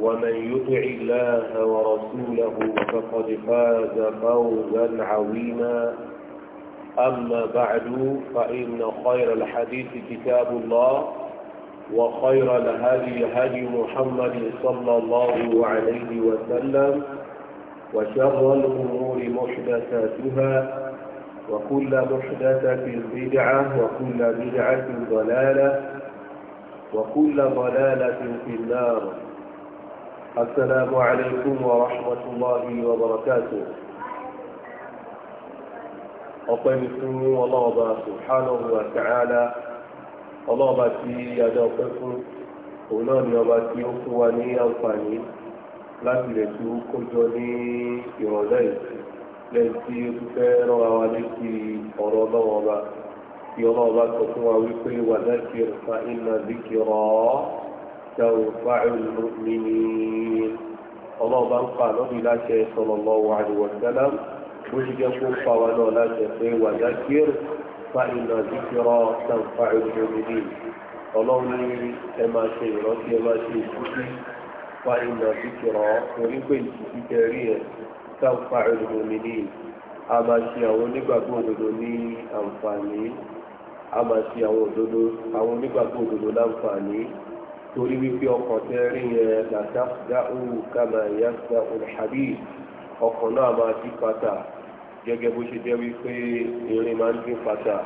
ومن يطع الله ورسوله فقد فاز فوزا عظيما أما بعد فإن خير الحديث كتاب الله وخير الهدي هدي محمد صلى الله عليه وسلم وشر الأمور محدثاتها وكل محدثة بدعة وكل بدعة ضلالة وكل ضلالة في النار السلام عليكم ورحمة الله وبركاته ọpẹ́ ní fún ọlọ́ọ̀bá subhanahu wa ta'ala ọlọ́ọ̀bá tí adá ọpẹ́ fún òun náà ni ọba tí ó fún wa ní àǹfààní láti lè tú kójọ ní ìrọ̀lẹ́ yìí lẹ́yìn tí ó ti fẹ́ rán wa létí ọ̀rọ̀ ọlọ́ọ̀bá tí ọlọ́ọ̀bá sọ fún wa wípé wa dhakir fa inna dhikra تنفع المؤمنين ọlọ́run bá ń pa ànábì láṣẹ sallallahu alaihi wa sallam bó ṣe jẹ́ kó pa wa náà láṣẹ pé wà lákìr fa inna dhikra tanfa'u al-mu'minin ọlọ́run ní ẹ máa ṣe ìrántí ẹ máa ṣe ìtúsí fa inna dhikra torí pé ìtúsí tẹ rí àwọn onígbàgbọ́ òdodo ní àǹfààní torí wípé ọkàn tẹ rí yẹn làtàdáhù kàmá yàtà olùhàbí ọkàn náà máa di pátá gẹ́gẹ́ bó ṣe jẹ́ wípé irin máa ń dín pátá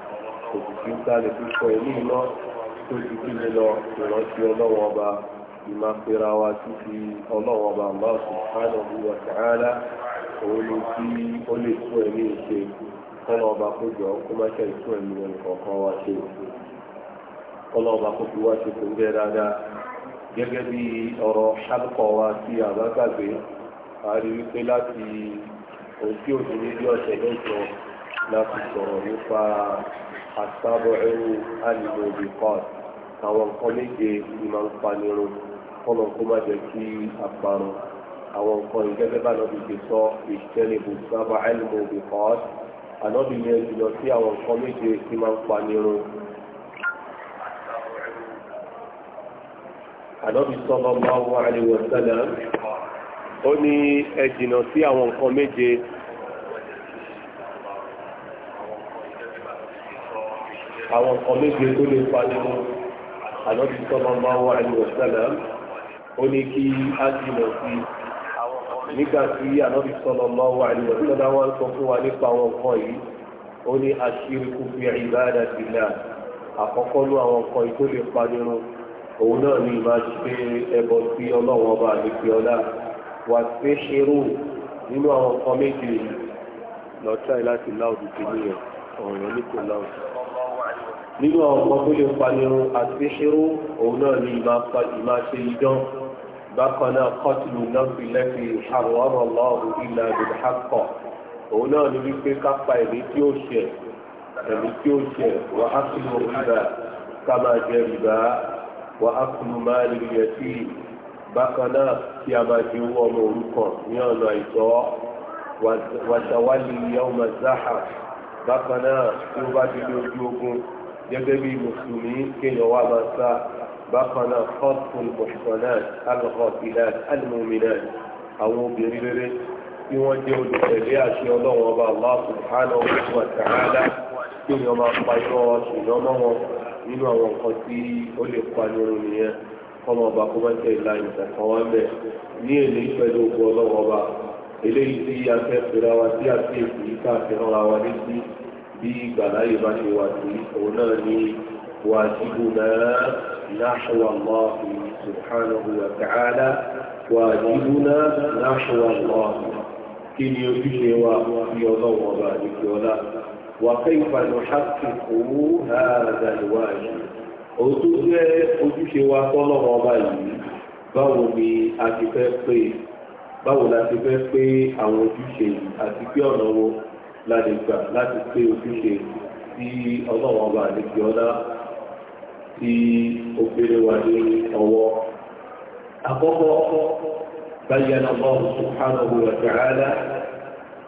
kò sì sí sálẹ̀ fífọ ẹ̀mí iná tó ti kí mi lọ ìrántí ọlọ́wọ́n ọba ìmáfẹ́ra wa títí ọlọ́wọ́n ọba Allah subhanahu wa ta'ala òun ni tí ó lè tún ẹ̀mí ṣe kọ́nà ọba kó jọ kó má ṣe ìtún ẹ̀mí ẹnì kọ̀ọ̀kan wa ṣe kọ́nà ọba kó fi wá ṣe kò ń bẹ́ẹ̀ dáadáa gẹ́gẹ́ bí ọ̀rọ̀ ṣàkọ̀ wa tí a bá gbàgbé a rí wípé láti òsí òsì níbi ọ̀sẹ̀ lẹ́jọ́ láti sọ̀rọ̀ nípa àsábọ̀ ẹrù àlìmọ̀ òbí kan àwọn nǹkan méje ni máa ń panirun kọ́nà kó má jẹ́ kí àparun àwọn nǹkan ìgẹ́gẹ́ bá lọ́bi ti sọ ìṣẹ́lẹ̀bù sábà àlìmọ̀ òbí kan ànọ́bìnrin ẹ̀jìnà sí àwọn nǹkan méje tí máa ń panirun ànábì sallallahu alaihi wasallam ó ní ẹ jìnnà sí àwọn nǹkan méje àwọn nǹkan méje tó lè pariwo ànábì sallallahu alaihi wasallam ó ní kí á jìnnà sí nígbà tí ànábì sallallahu alaihi wasallam wá ń sọ fún wa nípa àwọn nǹkan yìí ó ní aṣírí kúfì ìbáradà sílẹ̀ àkọ́kọ́ ló àwọn nǹkan yìí tó lè pariwo òun náà ní ìbá ṣe ẹbọ sí ọlọ́wọ́n ọba àdìpẹ́ ọlá wà pé ṣerú nínú àwọn nǹkan méjì lọ́tà láti láòdù sí ní ẹ̀ ọ̀rọ̀ ní kò láòdù. nínú àwọn nǹkan tó lè panirun àti ṣerú òun náà ní ìbá ṣe idán bákan náà kọ́tìlù náà fi lẹ́fi àwọn ọlọ́run ilẹ̀ àdìdàkọ̀ òun náà ní wípé kápá ẹ̀mí tí ó ṣẹ̀ ẹ̀mí tí ó ṣẹ̀ wà á sì lọ rí bá ká máa jẹ rìbá wà á fún máàlì yẹ sí bákan náà tí a máa di owó ọmọ òrukàn ní ọ̀nà àìtọ́ wàṣàwálì yawma zaha bákan náà tí ó bá di ní ojú ogun gẹ́gẹ́ bí mùsùlùmí kéèyàn wá máa sá bákan náà kọ́ọ̀tù mọ̀ṣùkànáà alùpàpìlà àwọn obìnrin rere tí wọ́n jẹ́ olùtẹ̀lé àṣẹ ọlọ́wọ́n ọba Allah subhanahu wa ta'ala kéèyàn máa pa iná ṣùgbọ́n mọ́ wọn nínú àwọn nǹkan tí ó lè pa nínú nìyẹn kọ́mọ ọba kó má tẹ̀ ìlà ìtẹ̀kọ́ wá bẹ̀ ní èlé pẹ̀lú ogun ọlọ́wọ́ ọba eléyìí tí a fẹ́ pèrè wa tí a fi èkó yìí ká fi rán wa létí bí gbàláyè bá ṣe wà sí òun náà ní wàjíbù náà نحو الله سبحانه وتعالى واجبنا نحو الله كن يجيش وفي الله وبارك ولا وكيف نحقق هذا الواجب òtún jẹ́ ojúṣe wa tọ́lọ́wọ́ ọba yìí báwo ni a ti fẹ́ pé báwo la ti fẹ́ pé àwọn ojúṣe yìí àti pé ọ̀nà wo la lè gbà láti pé ojúṣe tí ọlọ́wọ́ ọba àlejò ọlá tí ó gbélé wa ní ọwọ́. àkọ́kọ́ bayyana Allah subhanahu wa ta'ala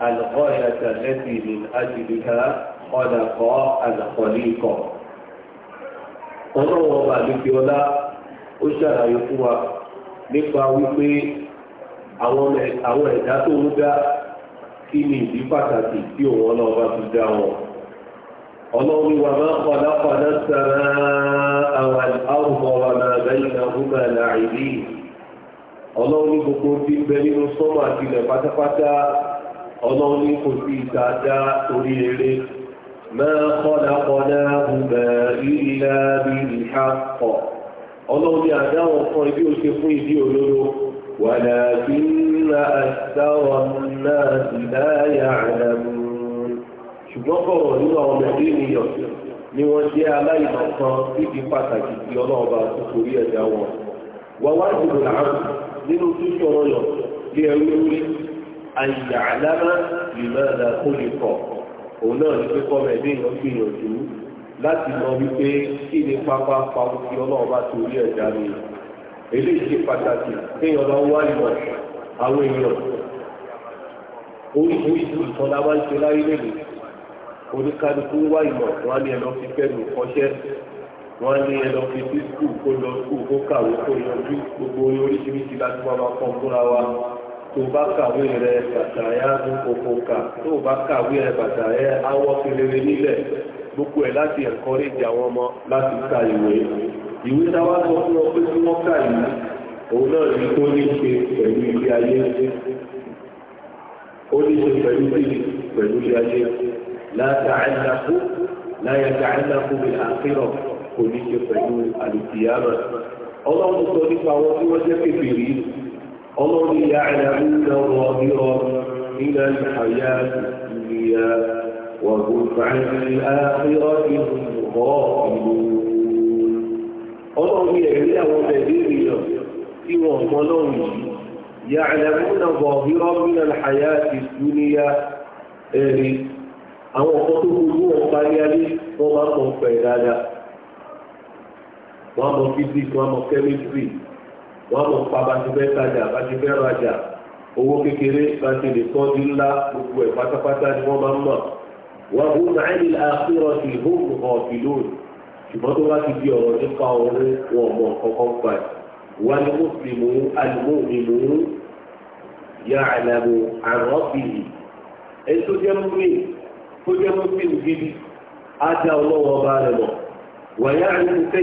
الغاية التي من أجلها خلق الخليق ọlọ́wọ́ ọba àdúgbòlá ó ṣàlàyé fún wa nípa wípé àwọn ẹ̀dá tó ń dá kí ni ìdí pàtàkì tí òun ọba ti dá wọn ọlọ́run wa máa kọ̀dákọ̀dá sára àwọn àrùn náà bẹ́yìn náà gbogbo ọlọ́run ní kò sí ìtajà torí eré máa kọ́dà kọ́dà gbùgbà ìlà bí ìhà kọ̀ ọlọ́run ní àdáwọn kan ibi ó ṣe fún ìdí olóró wàlà bí nà àtàwọn náà sì láyà àdàmú ṣùgbọ́n bọ̀rọ̀ nínú àwọn ọmọdé ènìyàn ni wọ́n jẹ́ aláìmọ̀ kan ayé àlámà ìmọ̀ọ́dà kólíkọ̀ òun náà ní pé kọ́mọ ẹ̀dín lọ gbìyànjú láti mọ wípé kí ni pápá pawú kí ọlọ́run bá torí ẹ̀dá mi eléyìí ṣe pàtàkì kéèyàn bá wá ìmọ̀ àwọn èèyàn oríṣiríṣi nǹkan la máa ń ṣe láyé lèlè oníkálukú wá ìmọ̀ wọn ni ẹ lọ fi fẹ́nu kọ́ṣẹ́ wọn ní ẹlọ fi sí skul kó lọ skul kó kàwé kó yanjú gbogbo oríṣiríṣi láti wá máa kọ́ tó bá kàwé rẹ bàtà ẹ ánú kòkó kà tó bá kàwé rẹ bàtà ẹ awọ́ kelere nílẹ̀ gbogbo ẹ̀ láti encourage àwọn ọmọ láti ka ìwé ìwé táwa sọ fún ọ pé kí wọ́n kà yìí òun náà ní tó ní ṣe pẹ̀lú ilé ayé ó ní ṣe pẹ̀lú ilé pẹ̀lú ilé ayé látàáìlàkú láyàtàáìlàkú bí àkírọ̀ kò ní ṣe pẹ̀lú àlùkìyàmà ọlọ́run sọ nípa wọn tí wọ́n jẹ́ kékeré yìí ọlọ́run يعلمون ظاهرا من الحياة الدنيا وهم عن الآخرة هم غافلون ọlọ́run ẹ̀rí àwọn ẹ̀rí من الحياة الدنيا ẹ̀rí àwọn ọkọ̀ tó gbogbo wọn parí ayé wọ́n bá kọ̀ pẹ̀ dáadáa wọ́n mọ̀ physics wọ́n mọ̀ chemistry wọ́n mọ̀ pa bá ti fẹ́ tajà bá ti fẹ́ rajà owó kékeré bá ti lè tọ́ di ńlá gbogbo ẹ̀ pátápátá ni wọ́n máa ń mọ̀ wọ́n bú nàìjírí àfihàn sí ìhóòmù ọ̀fì lónìí ṣùgbọ́n tó bá ti di ọ̀rọ̀ nípa ọ̀rẹ́ wọn mọ̀ kankan pa ẹ̀ wọ́n ni mùsùlùmí alùmùmí yà àlàmù àrọ́bìlì ẹni tó jẹ́ mùsùlùmí tó jẹ́ mùsùlùmí gidi á ọlọ́wọ́ bá rẹ̀ mọ̀ wọ́n yà àlùmù kẹ́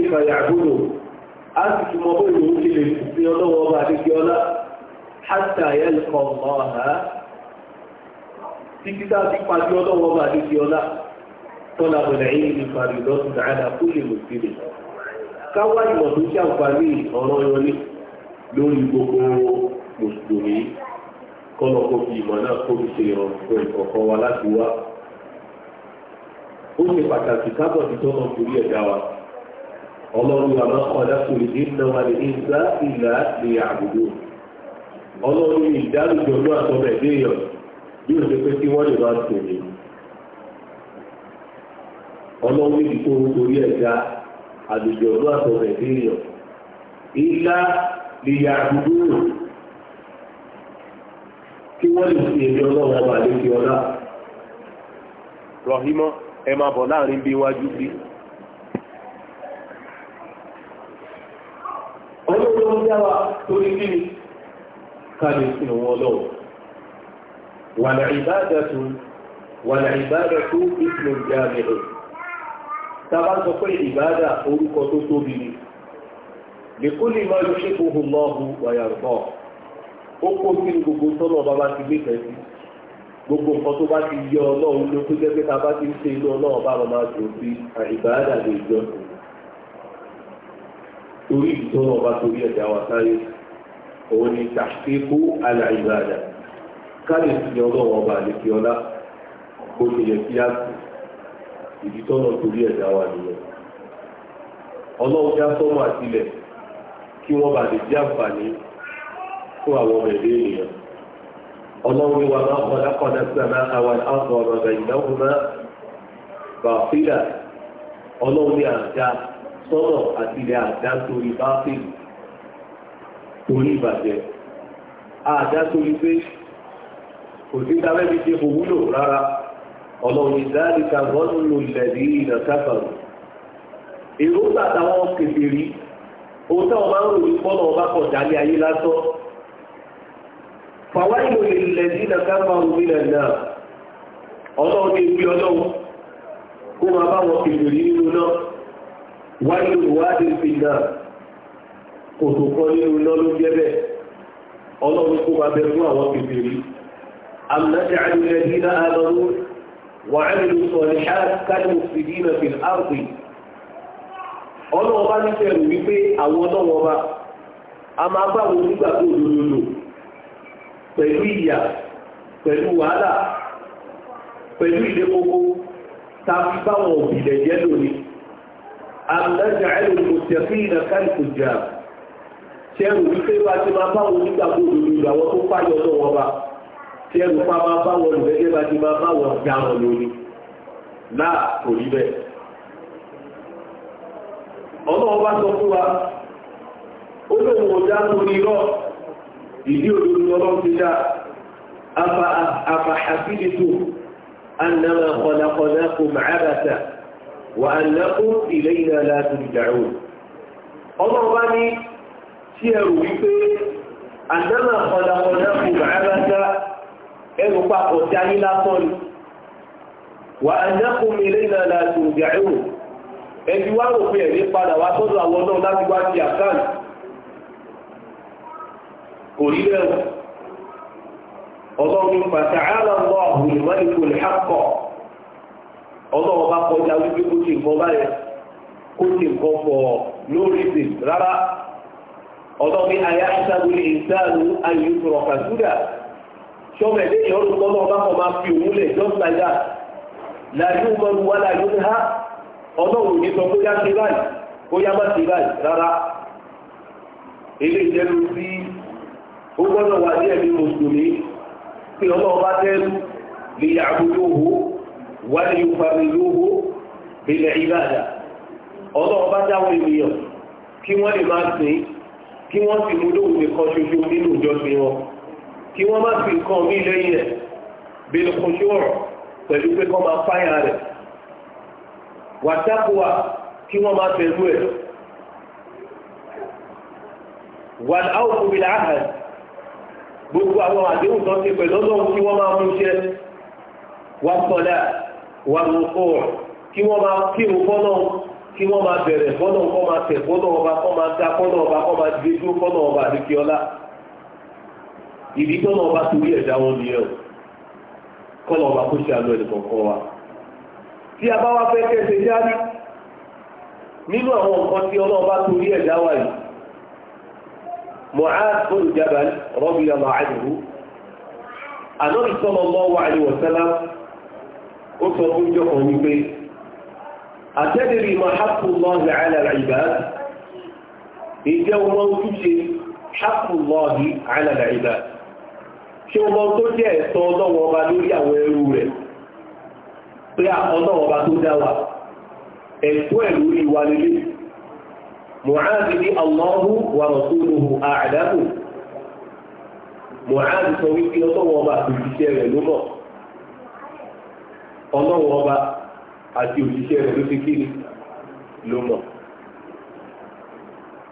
a sì fi mọ bóyá òun ti lè fi ọlọ́wọ́ ọba àdékè ọlá hátà yẹlẹkọ ọmọ ọ̀há títí tá a fi pàdé ọlọ́wọ́ ọba àdékè ọlá tọ́lá bẹ̀rẹ̀ yìí ní parí lọ́sùn dáadáa kó lè lò sílẹ̀ káwá ìmọ̀ tó ṣàǹfààní ó ṣe pàtàkì kábọ̀ títọ́nà torí ẹ̀dá wa ọlọ́run wà máa kọ́ dákùn ìdínà wà ní ìgbà ìlà ní àbúrò ọlọ́run ìdálùjọ ló àtọ́bẹ̀ déèyàn bí ó ṣe pé kí wọ́n lè máa tòní ọlọ́run ìdí tó ń torí ẹ̀dá àlùjọ ló àtọ́bẹ̀ déèyàn ìlà ní àbúrò kí wọ́n lè fi èmi ọlọ́run ọba àlékè ọlá rọ̀hímọ́ ẹ máa bọ̀ láàrin bí iwájú bíi olóòrò ń dáwà torí kí ni káàdì sí wọn lọ́wọ́ wàlà ìbádàtú wàlà ìbádàtú ìfìlò jáàmìlò tàbá sọ pé ìbádà orúkọ tó tóbi ni lèkúlì máa ló ṣe gbogbo mọ́ọ̀hù wàyàrùbọ̀ ó kó sí gbogbo tọ́nà bàbá ti gbégbẹ́ sí gbogbo nǹkan tó bá ti yọ ọlọ́run ló tó jẹ́ pé ta bá ti ń ṣe inú ọlọ́run bá wọn máa dùn sí àìbáàdà lè jọ sí torí ìtọ́nà ọba torí ẹ̀dá wa sáyé òun ni tàṣíkú aláìbáadà káàlì sí ọlọ́run ọba àlèkè ọlá bó ṣe yẹ kí á sì ìdítọ́nà torí ẹ̀dá wa nìyẹn ọlọ́run já sọ́mọ àtìlẹ̀ kí wọ́n bá lè jẹ́ àǹfààní fún àwọn ọmọ ẹ̀dẹ́ ènìyàn ọlọ́run wa máa kọ́ lákọ̀ọ́dá sí àná àwọn àwọn ọmọ ọmọ ìdáhùn náà bàfílà ọlọ́run ní àǹdá sọ́nà àti ilẹ̀ àdá torí bá fèlú torí ìbàjẹ́ àdá torí pé kò sí tàbẹ́ bí ṣe kò wúlò rárá ọlọ́run ìdáríkà gọ́nù ló lẹ̀dí ìnà káfàrù èrò tàtàwọn kèfèrí ohun táwọn máa ń rò ní pọ́nà ọba kọ̀ dálé ayé lásán fàwáìlò lẹ̀dí ìnà káfàrù ọlọ́run ní ibi ọlọ́run kó máa bá wọn kèfèrí nínú náà wáyé ìwádìí fi náà kò tó kọ́ nínú iná ló jẹ́ bẹ́ẹ̀ ọlọ́run kó máa bẹ fún àwọn kékeré amúnájà àdúgbò dínà àbọ̀rú wà á nínú sọ̀rọ̀ ṣáà kájú fi dínà fi áàpì ọlọ́wọ́ bá ní fẹ́rù wípé àwọn ọlọ́wọ́ bá a máa bá wọn nígbà tó lòlò pẹ̀lú ìyà pẹ̀lú wàhálà pẹ̀lú ìdẹ́kókó tá a òbí lẹ̀ lónìí àmìlẹ́jàẹ́lù mùsẹ̀fín kálíkù jà tẹ́rù wípé bá ti máa bá wọn nígbà gbòòrò lórí àwọn tó pààyàn náà wọn bá tẹ́rù pa máa bá wọn lùgẹ́gẹ́ bá ti máa bá wọn dá wọn lórí náà kò rí bẹ́ẹ̀. ọlọ́run bá sọ fún wa ó lóun ò lórí irọ́ ìdí òdodo ọlọ́run ti dá afa afa àfihàn tó anamọ̀ wà annakum ilayna la turja'un ọmọ bá ní tí ẹrù wípé àdámà ọ̀dàkọ̀dà kò bàábájá ẹrù papọ̀ tí a ní lásán ni wà annakum ilayna la turja'un ẹni wá rò pé ẹ̀rí padà wá sọ́dọ̀ àwọn náà láti wá sí àkáǹtì kò rí bẹ́ẹ̀ ọlọ́run pàtàkì àlọ́ ọ̀hún ìmọ̀lẹ́kùn ìhàkọ̀ọ́ ọlọ́wọ́ bá kọjá wípé kó ṣe nǹkan báyẹn kó ṣe nǹkan fọ̀ no reason rárá ọlọ́wọ́ ní ayé aṣáájú ní ìsáàlú ayé sọ̀rọ̀ kàṣúdà ṣọ́mọ̀ ẹ̀dẹ́ ìyọ́ ló tọ́lọ́ bá kọ́ máa fi òun lẹ̀ just like that láyé ọmọlú wa láyé ń há ọlọ́wọ́ ní sọ bóyá ṣe báyìí bóyá má ṣe báyìí rárá ilé ìjẹ́lu sí ó gbọ́dọ̀ wà ní ẹ̀mí mùsùlùmí pé ọlọ́wọ́ bá tẹ́lu lè yàgò wal yufarriduhu bil ibada ọlọ́run bá dáwọn ènìyàn kí wọ́n lè máa sìn kí wọ́n sì mú lóhùn nìkan ṣoṣo nínú ìjọsìn wọn kí wọ́n má fi nǹkan mí lẹ́yìn rẹ̀ bil khushu' pẹ̀lú pé kọ́ máa fáyà rẹ̀ wàtàkùwà kí wọ́n máa tẹ̀lú ẹ̀ wà áwòkúbi láàrẹ gbogbo àwọn àdéhùn tó ti pẹ̀lú ọlọ́run kí wọ́n máa mú iṣẹ́ wà sọ̀dá wà ló kọ́ ọ̀ kí wọ́n máa kí o fọ́nà kí wọ́n máa bẹ̀rẹ̀ fọ́nà kọ́ máa tẹ̀ fọ́nà ọba kọ́ máa dá fọ́nà ọba kọ́ máa dé dúró fọ́nà ọba àdékè ọlá ìdí tọ́nà ọba torí ẹ̀dá wọn nìyẹn o kọ́nà ọba kó ṣe àlọ́ ẹ̀dẹ̀kọ̀ọ̀kan wa tí a bá wá fẹ́ kẹ́sẹ̀ jáde nínú àwọn nǹkan tí ọlọ́ọ̀bá torí ẹ̀dá wa yìí Mu'adh bin Jabal radiyallahu anhu ó sọ fún ìjọ kan wípé àtẹ́dẹ̀rì máa hápù lọ́ọ̀hì àlàlà ìjẹ́ ọmọ ojúṣe hápù lọ́ọ̀hì àlàlà ìbáàdì Ṣe ọmọ tó jẹ́ ẹ̀tọ́ ọlọ́wọ́ ọba lórí àwọn ẹrú rẹ̀ pé ọlọ́wọ́ ọba tó dá wa ẹ̀ lórí wa ní sọ wípé ọlọ́wọ́ ọba rẹ̀ ọlọ́run ọba àti òṣìṣẹ́ rẹ̀ ló ti kí ni ló mọ̀.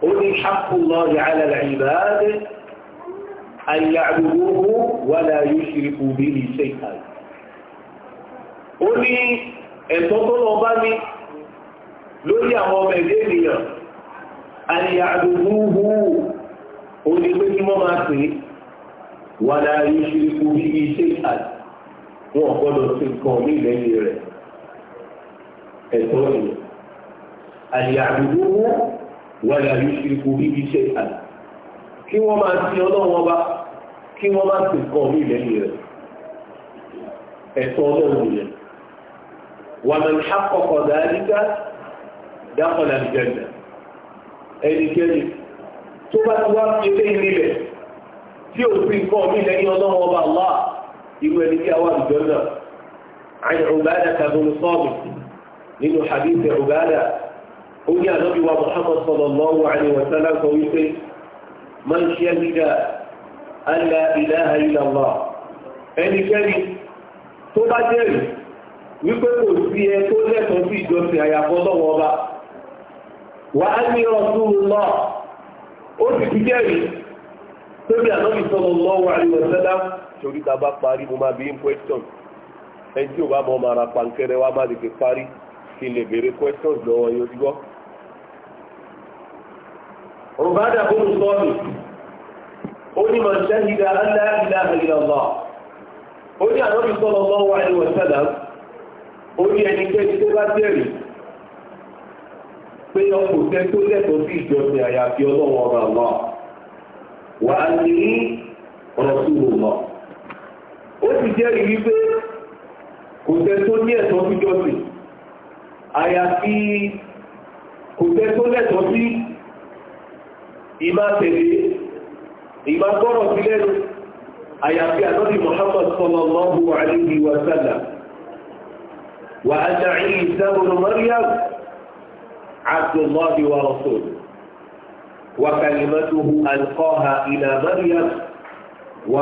ó ní haqqullahi ala al-ibad an ya'buduhu wa la yushriku bihi shay'an. ó ní ẹ̀tọ́ tó lọ bá ní lórí àwọn ọmọ ẹ̀dẹ́ ènìyàn an ó ní pé kí wọ́n máa sìn wà la yushriku bihi shay'an wọn gbọ́dọ̀ sí nǹkan ní ìlẹ́yìn rẹ̀ ẹ̀tọ́ ìlú àyè àdúgbò wọn wà ní ìṣirikù bíbí iṣẹ́ ìtàn kí wọ́n máa ti ọlọ́wọ́n bá kí wọ́n máa sì nǹkan ní ìlẹ́yìn rẹ̀ ẹ̀tọ́ ọlọ́run yẹn wà mẹ́rin ṣàkọ́kọ́ dáadígá dákọ̀lá ìjẹ́jẹ́ ẹnikẹ́ni tó bá ti wá ilé ìrìnlẹ̀ tí ò sí nǹkan ní ìlẹ́yìn ọlọ́wọ́n bá wà irú ẹni bí àwọn àlùjọ náà àyè ọ̀gáàdà tàbí sọ́ọ̀bù nínú hadithi ọ̀gáàdà ó ní ànábì wa muhammad sallallahu alaihi wa sallam sọ wípé máa ń ṣe ẹgbẹ́dà alla ilaha illallah ẹnikẹ́ni tó bá jẹ́rìí wípé kò sí ẹ tó lẹ́tọ̀ọ́ sí ìjọsìn àyàfọ́ lọ́wọ́ ọba wà á ní rasulullah ó sì ti jẹ́rìí tóbi ànábì sallallahu alaihi wa sallam torí ta bá parí mo máa bí in question ẹni tí ò bá mọ ọmọ ara pankẹrẹ wa má tètè parí kí n lè béèrè questions lọ́wọ́ yín ojúgbọ́. Rùbádà ó ń sọ mi, ó ní màá ṣáhìdá ánlá ilá ìlànà. Ó ní ànábì sọ́lọ́ lọ́wọ́ àìwọ̀ sẹ́lá. Ó ní ẹnikẹ́ni tó bá jẹ́rìí pé ọkọ̀ tẹ tó lẹ́tọ̀ọ́ sí ìjọsìn àyàfi ọlọ́wọ́ Wà á ó sì jẹ́rìí wípé kò tẹ́ tó ní ẹ̀tọ́ sí jọ́sìn àyàfi kò tẹ́ tó lẹ́tọ́ sí ìmá tẹ̀lé ìmá gbọ́rọ̀ sí lẹ́nu àyàfi ànábì Muhammad sallallahu alayhi wa sallam wa anna Isa Maryam abdullahi wa rasuluhu wa kalimatuhu alqaha ila Maryam wa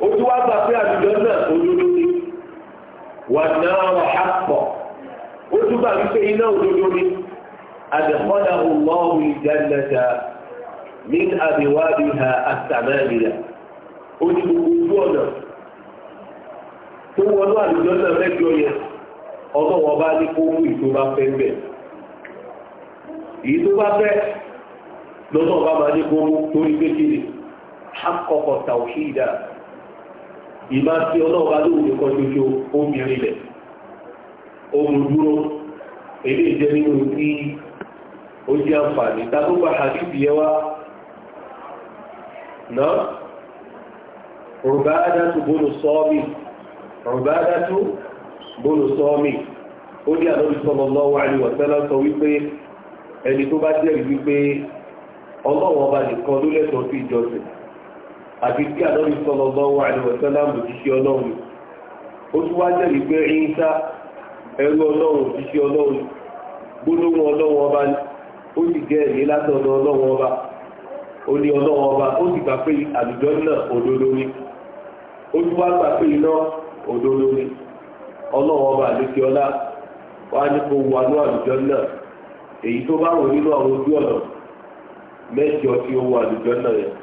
ó ti wá gbà pé àlùjọ náà òdodo ni wà náà wà á pọ̀ ó tún gbà wípé iná òdodo ni àdìkọ́lá ọlọ́run ìjánilẹ́ta ní àbíwádìí ha àtàmẹ́rìlá ó ní gbogbo ojú ọ̀nà tó wọnú àlùjọ náà mẹ́jọ yẹn ọlọ́wọ́ bá ní kó mú ìtòbá fẹ́ bẹ́ẹ̀ èyí tó bá fẹ́ lọ́nà ọba máa ní kó mú torí pé kí ni akọkọ tàwíìdá ìmá tí ọlọ́ọ̀bá ló wùdí kan ṣoṣo obìnrin lẹ̀ ohun dúró èdè jẹ́ nínú tí ó jẹ́ àǹfààní tábúgbà àdìbì yẹ wá náà rùbáádátù bónú sọ́ọ́mì rùbáádátù bónú sọ́ọ́mì ó ní àlọ́bí sallallahu alaihi wasallam sọ wípé ẹni tó bá jẹ́rìí wípé ọlọ́wọ́ ọba nìkan ló sí ìjọsìn àti tí àlọ́rí sọ́lọ́ bá wà ní wọ̀sálàmù òṣìṣẹ́ ọlọ́run ó tún wá jẹ́ ìgbé ìyínsá ẹrú ọlọ́run òṣìṣẹ́ ọlọ́run gbólóhùn ọlọ́run ọba ni ó sì jẹ́ ẹ̀mí látọ̀dọ̀ ọlọ́run ọba ó ní ọlọ́run ọba ó sì gbà pé àlùjọ náà òdodo ni ó tún wá gbà pé iná òdodo ni ọlọ́run ọba àdókè ọlá wá ní kó wà ní àlùjọ náà èyí tó bá wò nínú àwọn ojú ọ̀nà mẹ́jọ tí ó wà náà yẹn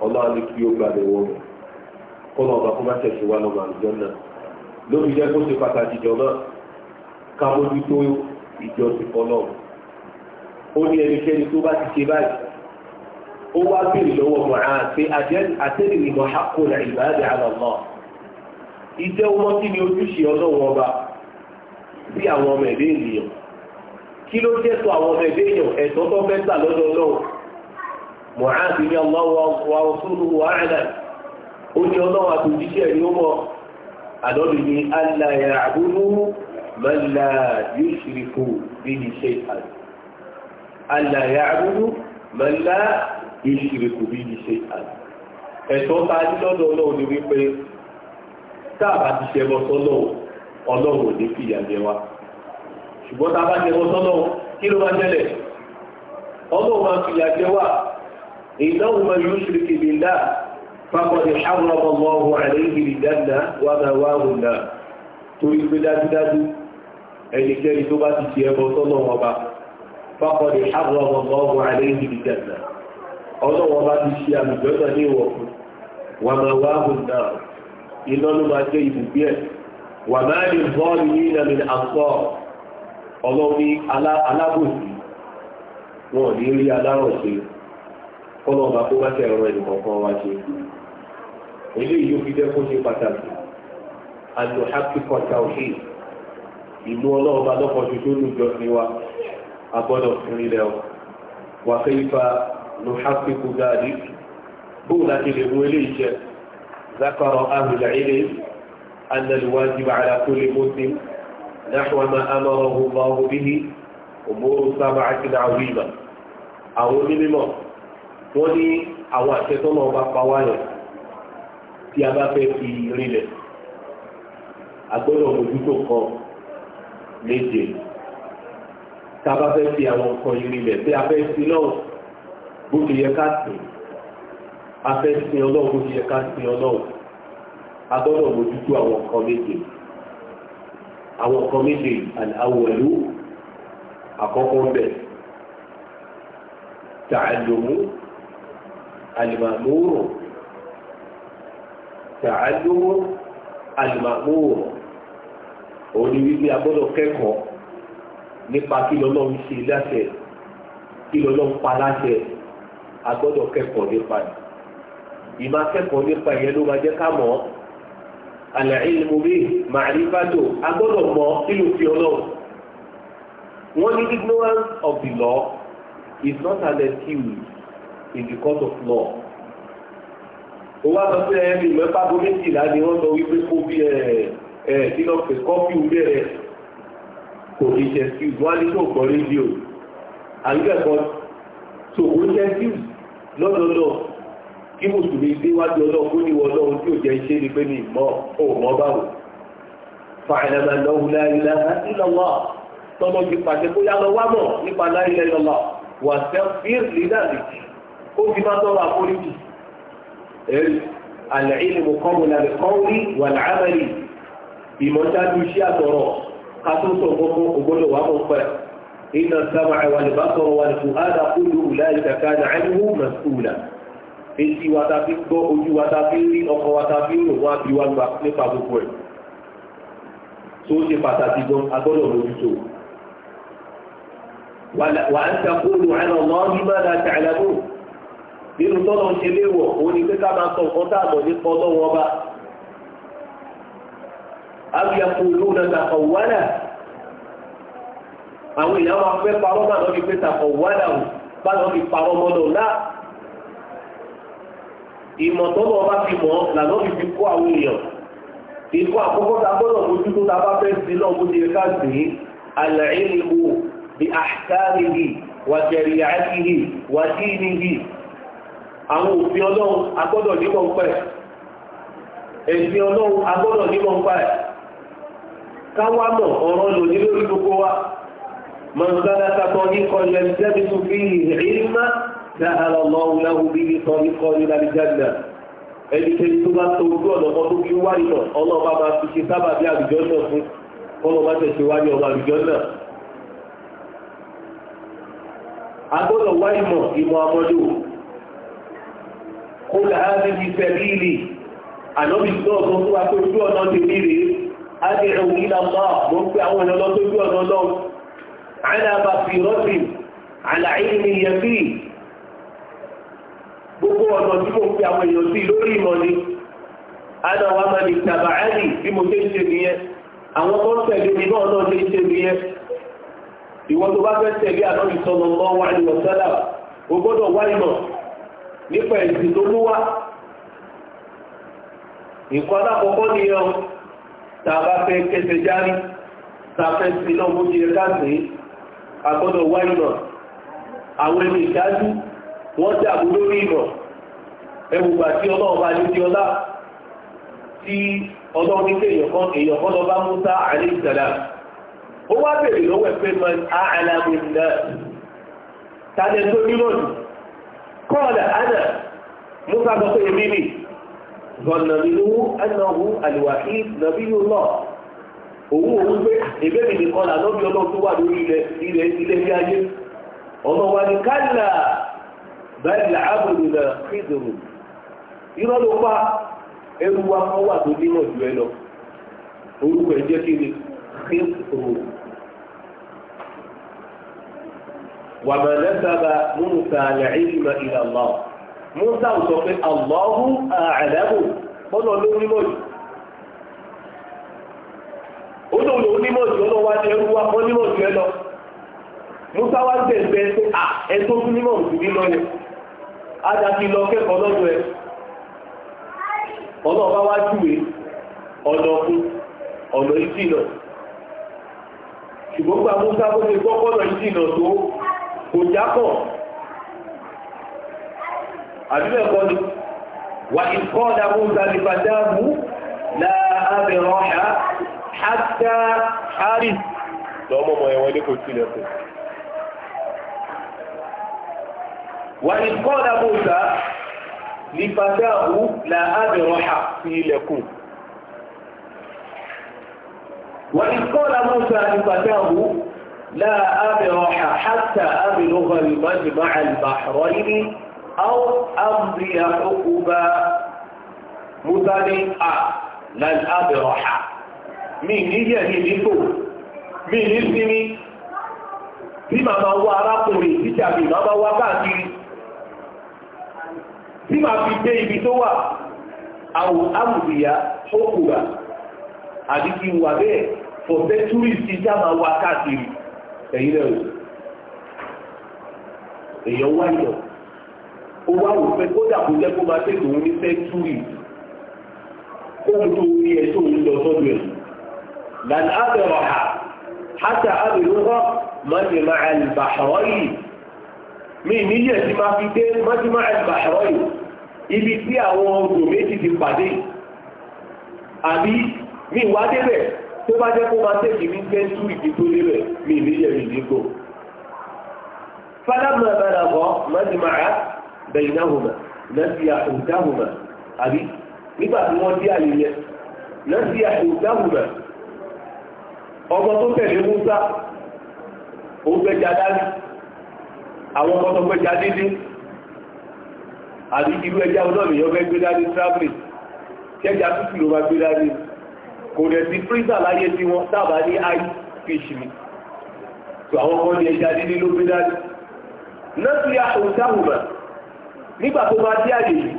ọlọ́run ní kí ó gbà lè wọ́n kọ́nà ọba kó má tẹ̀sí wa lọ́mọ àlùjọ náà lórí jẹ́ kó ṣe pàtàkì jọ náà ká mójútó ìjọ ti kọ́nà ó ní ẹnikẹ́ni tó bá ti ṣe báyìí ó wá bèrè lọ́wọ́ mọ̀hán pé àtẹ́lẹ̀ ìmọ̀ àkọlà ìbáàdì àlọ́mọ́ ìjẹ́ wọn kí ni ojúṣe ọlọ́wọ́ ọba sí àwọn ọmọ ẹ̀dẹ́ ènìyàn kí ló jẹ́ sọ àwọn ọmọ ẹ̀dẹ́ ènìyàn ẹ̀tọ́ tó mẹ́ta lọ́dọ̀ ọlọ́run mọ̀háàbí ní ọlọ́wọ́ wa òṣùlù wàhálà ó ní ọlọ́wọ́ àtòjíṣẹ́ ní ó mọ̀ àdọ́lù ní aláya àbúrú mẹ́lá yóò ṣìrìkò bí i ṣe àn aláya àbúrú mẹ́lá yóò ṣìrìkò bí i ṣe àn ẹ̀tọ́ ta ní lọ́dọ̀ ọlọ́run ni wípé táàbà ti ṣe bọ́ sọ́lọ́wọ́ ọlọ́run ò ní fìyà jẹ wa ṣùgbọ́n tá a ṣe bọ́ sọ́lọ́wọ́ kí ló máa jẹ́lẹ̀ ọlọ́run máa fìyà jẹ wa إنه من يشرك بالله فقد حرم الله عليه الجنة ومأواه النار torí pé dájúdájú ẹnikẹ́ni tó bá ti ti ẹbọ sọ́nà ọba fákọ̀dé àbúrọ̀mọ̀ ọmọ àlẹ́yìn ìjẹ̀nà ọlọ́wọ́ bá ti ṣe àmìjọ́nà ní ìwọ̀fún wà máa wá hùn náà iná ló máa jẹ́ ibùgbé ẹ̀ wà máa lè bọ́ọ̀lù ní ìlànà àkọ́ ọlọ́wọ́ ní alábòsí wọn ò ní rí aláròṣe kọ́nà ọba kó bá tẹ ọ̀rọ̀ ẹ̀dùn kọ̀ọ̀kan wá ṣe eléyìí yóò fi jẹ́ kó ṣe pàtàkì àjọ hápíkọ̀ tàwí ìlú ọlọ́ọ̀ba lọ́kọ̀ ṣoṣo lójọ sí wa agbọ́dọ̀ fún ilẹ̀ ọ wà fẹ́ ipa ló hápíkù gáàdì bóun láti lè mú eléyìí jẹ zákàrọ̀ ahùlà ilé annalwájú bàálà tó lè mú sí náà amọ̀rọ̀ ọ̀hún bá ọ̀hún bí ní sábà àti náà wíìmà àwọn onímọ̀ wọ́n ní àwọn àṣẹ tó náà bá pa wá yẹn tí a bá fẹ́ fi rinlẹ̀ agbọ́dọ̀ mójútó kan méje tá a bá fẹ́ fi àwọn nǹkan rinlẹ̀ tí a fẹ́ sí náà bó ti yẹ ká sìn a fẹ́ sin ọlọ́run bó ti yẹ ká sin ọlọ́run a gbọ́dọ̀ àwọn nǹkan méje àwọn nǹkan méje àwọ̀lú àkọ́kọ́ bẹ̀ tààlùmú المأمور تعلم المأمور òní wípé a gbọ́dọ̀ kẹ́kọ̀ọ́ nípa kí lọ́lọ́run ṣe láṣẹ kí lọ́lọ́run pa láṣẹ a gbọ́dọ̀ kẹ́kọ̀ọ́ nípa ẹ̀ ìmá kẹ́kọ̀ọ́ nípa ìyẹn ló máa jẹ́ ká mọ̀ ọ́ al-ilmu bihi ma'rifatu a gbọ́dọ̀ mọ̀ kí ló fi ọlọ́run wọ́n ní ignorance of the law is not an excuse in the court of law ó wá sọ pé ẹni mẹ́fàgbó méjìlá ni wọ́n sọ wípé kó bí ẹ̀ kí lọ pé kọ́fí bẹ̀rẹ̀ kò ní ṣe skills wọ́n á ní tó gbọ́ rédíò àyíkẹ́kọ̀ọ́ tó kò ní ṣe skills lọ́dọọdọ́ kí mùsùlùmí déwájú ọlọ́run kó ní wọlọ́run tí ò jẹ́ ṣe ni pé ní ìmọ̀ ò mọ́ báwò fàìlàmà lọ́wọ́ láìlá ìlọ́wọ́ tọ́lọ́ ti pàṣẹ kó yá lọ wá mọ̀ nípa láìlá ìlọ́wọ́ wà sẹ́fíìr lídàlìkì ó fi bá tọrọ àforíjì ẹ̀rí àlẹ́ìlmù kọ́mùnà kọ́wí wà láàmàlì ìmọ̀jáde iṣẹ́ àtọ̀rọ̀ ká tó sọ gbogbo ògbólò wà mọ̀ pẹ̀ iná sábà ìwàlẹ̀ bá tọrọ wà lẹ́kùn ádà kúlù láì kàkà ní àìmú mẹ́sùlà etí wa ta fi gbọ́ ojú wa ta fi rí ọkọ̀ bí wá gba nípa nínú tọ́lọ̀ ń ṣe léwọ̀ òun ni pé ká máa sọ nǹkan ọba abiyakun lóun náà na àwọn èèyàn máa parọ́ máa lọ́ọ́ pé ta ọ̀wádà o bá lọ́ọ́ fi parọ́ mọ́lọ̀ náà ìmọ̀ tọ́lọ̀ ọba fi mọ̀ lànà fi kó àwọn èèyàn ìkọ́ àkọ́kọ́ ta gbọ́dọ̀ mojú tó ta bá fẹ́ sí náà bó ti ká sí àlàyé ni bí àṣà àwọn òfin ọlọ́run agbọ́dọ̀ nímọ̀ ń pẹ̀ ẹ̀sìn ọlọ́run agbọ́dọ̀ nímọ̀ ń pẹ̀ káwá mọ̀ ọ̀rọ̀ lò ní lórí gbogbo wa mọ̀nsálà sàkọ́ ní kọlẹ̀ jẹ́bi tó fi ìrìnnà dáhàlọ́ lọ́wọ́ láwù bí ní sọ ní kọ́ni láti jáde ẹni tẹ́lẹ̀ tó bá tó ojú ọ̀nà ọmọ tó fi wá ìmọ̀ ọlọ́ọ̀bá máa fi ṣe sábà bí àwùjọ náà fún kọ́lọ́ọ̀bá tẹ̀sí wá ní ọmọ àwùjọ náà agbọ́dọ̀ wá ìmọ̀ ìmọ̀ àmọ́lò kó láàrin ní sẹ́bíìlì ànábì tó ọ̀tọ̀ tó wá tójú ọ̀nà tèmi rè á ti rẹ̀ òní làmá mo ń pe àwọn èèyàn lọ tójú ọ̀nà náà àìlàbà fi rọ́ọ̀tì àlàyé ni yẹfì gbogbo ọnọdụ tí mo àwọn wa tó ń tẹ̀lé náà náà ṣe tó bá nípa ìsì tó ló wá nǹkan alákọ̀ọ́kọ́ nìyẹn tá a bá fẹ́ kẹsẹ̀ járí tá a fẹ́ sí náà bó ti yẹ káàkiri agbọ́dọ̀ wá ìmọ̀ àwọn ẹni ìdájú wọ́n dàbò lórí ìmọ̀ ẹwùgbà tí ọlọ́ọ̀bá ní ti ọlá tí ọlọ́run ní pé èèyàn kan lọ bá Musa alayhi salam ó wá bèèrè lọ́wọ́ ẹ̀ pé man a'lamu nas tálẹ̀ tó nílò kọ́ọ̀lẹ̀ ana musa sọ pé èmi ni zọ̀nàmínú ẹnáwó àlùwàkí nàbíyú lọ òun òun pé èbébì nìkan là ọlọ́run tó wà lórí ilẹ̀ ilẹ̀ ilẹ̀ ayé ọ̀nà wa ni kálà báyìí làábùdù nà kíndùrù irọ́ ló pa ẹrú wa kọ́ wà tó jù ẹ lọ jẹ́ kí ni wàmà nasaba musa al-ilma ila musa sọ pé ló ní ẹrú wa ẹ lọ musa wá gbẹ̀gbẹ̀ pé à ẹ tó tún nímọ̀ jù mí lọ yẹn lọ kẹ́kọ̀ọ́ lọ́dọ̀ ẹ wá júwe fún ṣùgbọ́n musa bó ṣe gbọ́kọ́ ọ̀nà ìsìnà tó kò jápọ̀ àdúgbò ẹ̀kọ́ ni wà ìkọ́ ọ̀dàbọ̀ ìgbàlùbàdàbù láàbẹ̀rọ̀ ọ̀hà hátà hárì lọ́mọ́mọ́ ẹ̀wọ̀n ní kò sílẹ̀ fún wà ìkọ́ ọ̀dàbọ̀ ìgbà lìbàdàbù láàbẹ̀rọ̀ ọ̀hà sí wà ìkọ́ ọ̀dàbọ̀ ìgbà لا أبرح حتى أبلغ المجمع البحرين أو أمضي حقب متنقع لن أبرح من يهدفه من اسمي tí màmá wá arákùnrin títí àbí màmá wá káàkiri tí màá fi dé ibi tó wà àwọn amùdíyà ókùnrin àdíkí wà bẹ́ẹ̀ for centuries tí já máa wá káàkiri ẹ̀yin náà èèyàn wá ìyàn ó wá wò pé kódà kó jẹ́ kó máa tètè òun ní sẹ́ńtúrì kó tó rí ẹ tó ń lọ sọ́dọ̀ ẹ̀ lànà àbẹ̀rọ̀ ha hátà àbẹ̀rọ̀ hàn máa ní máa ẹ̀ bàṣọ̀rọ̀ yìí mi níyẹ̀ tí máa fi dé máa ti máa ẹ̀ bàṣọ̀rọ̀ yìí ibi tí àwọn odò méjì ti pàdé àbí mi wá débẹ̀ tó bá jẹ́ kó máa tẹ́kì ní gẹ́sù ìdìbò lébẹ̀ mi ìníyẹ̀ ìdìbò fálámù àbára bọ́ mọ́tìmára bẹ̀yìnáhùmá lọ́sí àhùdáhùmá àbí nígbà tí wọ́n dí àyẹyẹ lọ́sí àhùdáhùmá ọmọ tó tẹ̀lé Musa ó gbẹja dání àwọn ọmọ tó gbẹja dídí àbí irú ẹja ọlọ́ọ̀nìyàn fẹ́ gbé kò dẹ̀ sí freezer láyé tí wọ́n sábà ní ice fish ni tó àwọn ọmọ ní ẹja dídí ló gbé dání nọ́ọ̀sì àtòǹtàwùmá nígbà tó máa dí àyè yìí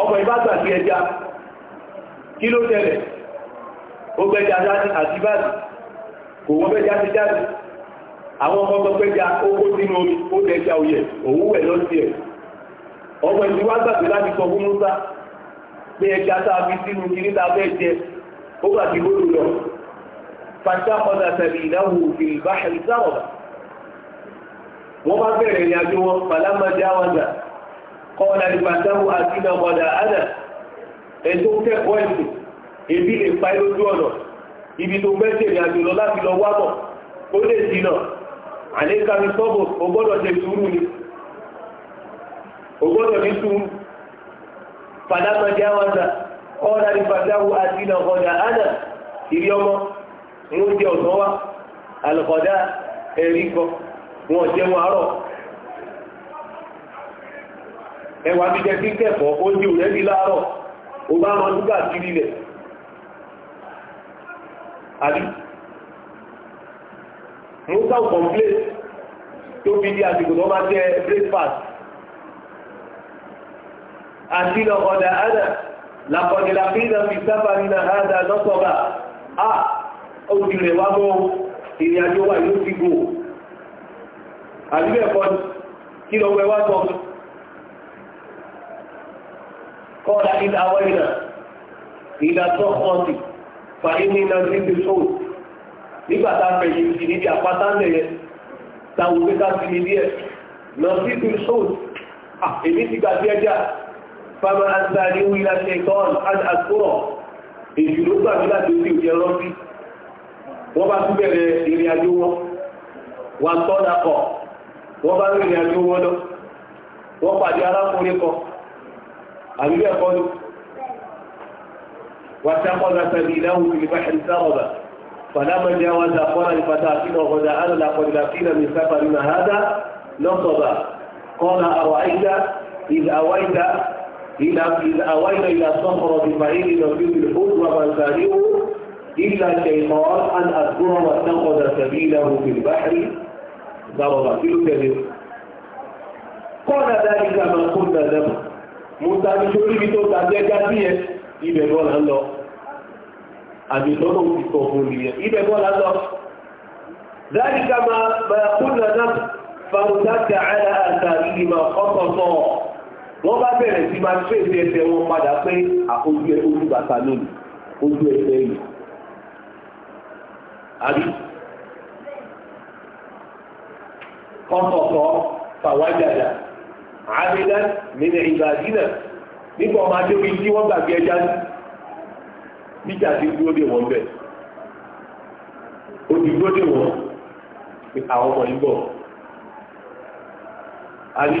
ọmọ ìbágbà sí ẹja kí ló tẹ̀lẹ̀ ó gbẹ́ja dání àti báàdì kò wọ́n gbẹ́ja ti dání àwọn ọmọ ọmọ gbẹ́ja ó kó sínú omi ó tẹ̀ja òyẹ̀ òwúwẹ̀ lọ́sí ẹ̀ ọmọ ìdíwágbàgbé láti sọ fún Musa pé ẹja tá a fi sínú kiri tá a fẹ́ jẹ ó gbà tí lóru lọ fàtàkọ́dà tàbí ìdáhùn òfin ìbáṣẹ ìsáwọ̀dà wọ́n bá bẹ̀rẹ̀ ìrìn àjò wọn pàlámàjá wàdà kọ́ọ̀dà ní pàtàkù àti ìdàkọ́dà àdà ẹ̀tọ́ kẹ́kọ̀ọ́ ẹ̀sìn èbí lè pa lójú ọ̀nà ibi tó fẹ́ ṣèrìn àjò lọ láti lọ wábọ̀ ó lè dínà àlékàmí sọ́bọ̀ ó gbọ́dọ̀ ṣe sùúrù ni ó ní sùúrù pàlámàjá kọ́ra ìfàdáwò àti ìlànkọ̀dà ánà ìrí ọmọ ní oúnjẹ ọ̀sán wa àlùkọ̀dá ẹ̀rí kan wọn jẹun àárọ̀ ẹwà bí jẹ kí kẹ́kọ̀ọ́ oúnjẹ òrẹ́ bí láàárọ̀ ó bá wọn dúgbà kiri lẹ̀ àbí mo sáwọn kọ̀m̀plé tó fi di àsìkò tó máa jẹ breakfast àti ìlànkọ̀dà ánà làkọ̀dé làkínà fi sábà nínà hádà lọ́sọ̀gà á òjì rẹ̀ wá mọ́ ìrìn àjò wà yóò ti gò àbíbẹ̀kọ́ kí lọ wẹ́ wá sọ kọ́ọ̀dà ìlà àwọn ìlà ìlà sọ́kọ̀ọ̀sì fàyínì náà sí ti sóòtù nígbàtà fẹ̀yìn sí níbi àpáta lẹ̀yẹ tàwọn òfẹ́ta sí níbi ẹ̀ lọ sí ìpínlẹ̀ sóòtù àèmí ti gbà bí ẹjá fama asàrí ó ilá ṣe tọ́ọ̀n àkúrọ̀ èjì ló gbà mí láti orí ìjẹ rántí wọ́n bá tún bẹ̀rẹ̀ ìrìn àjò wọn wà ń tọ́nà kọ̀ wọ́n bá rìnrìn àjò wọn lọ wọ́n pàdé arákùnrin kan àbí bẹ́ẹ̀ kọ́ ni واتخذ سبيله في البحر سربا فلما جاوز قال لفتاكين غداء لقد لقينا من سفرنا هذا نصبا قال أرأيت إذ أويت إلى أوين إلى صخرة بعيد نبيه الحوت ومسارعه إلا شيطان أن أذكر واتخذ سبيله في البحر ضرب في الكذب قال ذلك ما قلنا له موسى بشوري بتوت تاجي جاتيه ibẹ̀ bọ́ là ń lọ àmì lọ́nà ti sọ fún olùyẹ ibẹ̀ bọ́ ذلك ما قلنا له فارتد على آثارهما قصصا wọ́n bá bẹ̀rẹ̀ sí máa tẹ̀lé ẹsẹ̀ wọn padà pé àfojú ẹ ojú bàtà lónìí ojú ẹsẹ̀ yìí àbí kọ́kọ̀kọ́ fàwájàdà àmìlá nínú ìbàdínà nípa ọmọ adébí tí wọ́n gbàgbé ẹja níjà tí dúró dé wọn bẹ̀ ó ti dúró dé wọn àwọn ọmọ yìí bọ̀ àbí.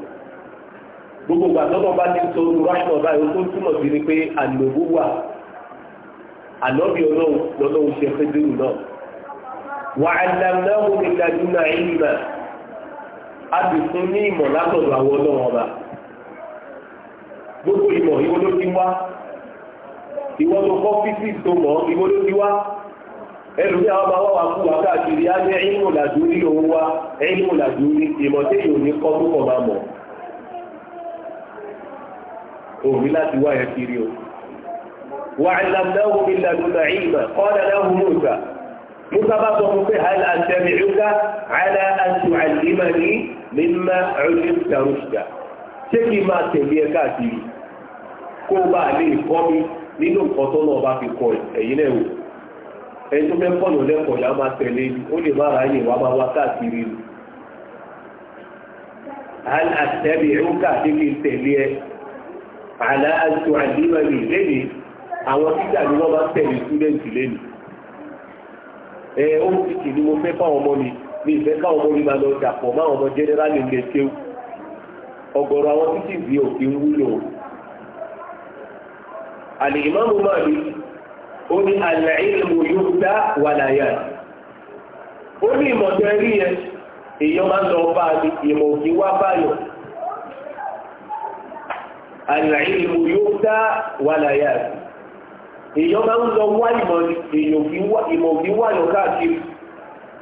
gbogbo ìgbà tó náà bá ti tó rásùn báyìí ó tó túmọ̀ sí ni pé ànàbó wà ànàbí ọlọ́run lọ́lọ́run ṣe fẹ́ dérò náà wà á dáná wọn ní ladúnà ìlmà a sì fún ní ìmọ̀ látọ̀dọ̀ àwọn ọlọ́run ọba gbogbo ìmọ̀ ìwọ ló ti wá ìwọ tó kọ́ físíìsì tó mọ̀ ìwọ ló ti wá ẹlùmí àwọn ọmọ wà fún wa káàkiri á ní ẹ̀yìn mọ̀làdúrí òun wá ẹ̀yìn mọ̀làdúrí ìmọ̀ òní láti wá yẹn kiri o wà á ìlànàwó ìlànà ìmọ̀ kọ́nà náà mú ìgbà musa bá sọ fún pé hàlà àtẹ̀mí ìgbà hàlà àti àlìmọ̀ ní mímọ́ ọdún tàrúṣìdà ṣé kí n máa tẹ̀lé ẹ káàkiri kó o bá lè kọ́ mi nínú nǹkan tó náà bá fi kọ ẹ̀yìn náà wò ẹni tó fẹ́ kọ́nà lẹ́kọ̀ọ́ yà máa tẹ̀lé ó lè má ráyè wá máa wá káàkiri hàlà àtẹ̀mí ìgbà ṣé kí n tẹ̀lé ẹ àlá àìsàn àdìmọ̀lì lẹ́nu àwọn títà ni wọ́n máa tẹ̀lé sílẹ̀ǹtì lẹ́nu ẹ ó ti kì ní mo fẹ́ fáwọn ọmọ mi mi ìfẹ́ káwọn ọmọ mi máa lọ dàpọ̀ máwọn ọmọ jẹ́nẹ́rálì ilé kéwù ọ̀gọ̀rọ̀ àwọn títì bí òfin wúlò àlèmáàmù máa ní o ní àlàílmù yóò dá wà láyà ó ní àlàyé yóò dá wàlàyà èèyàn máa ń lọ wá ìmọ̀ ìmọ̀ òbí wà lọ káàkiri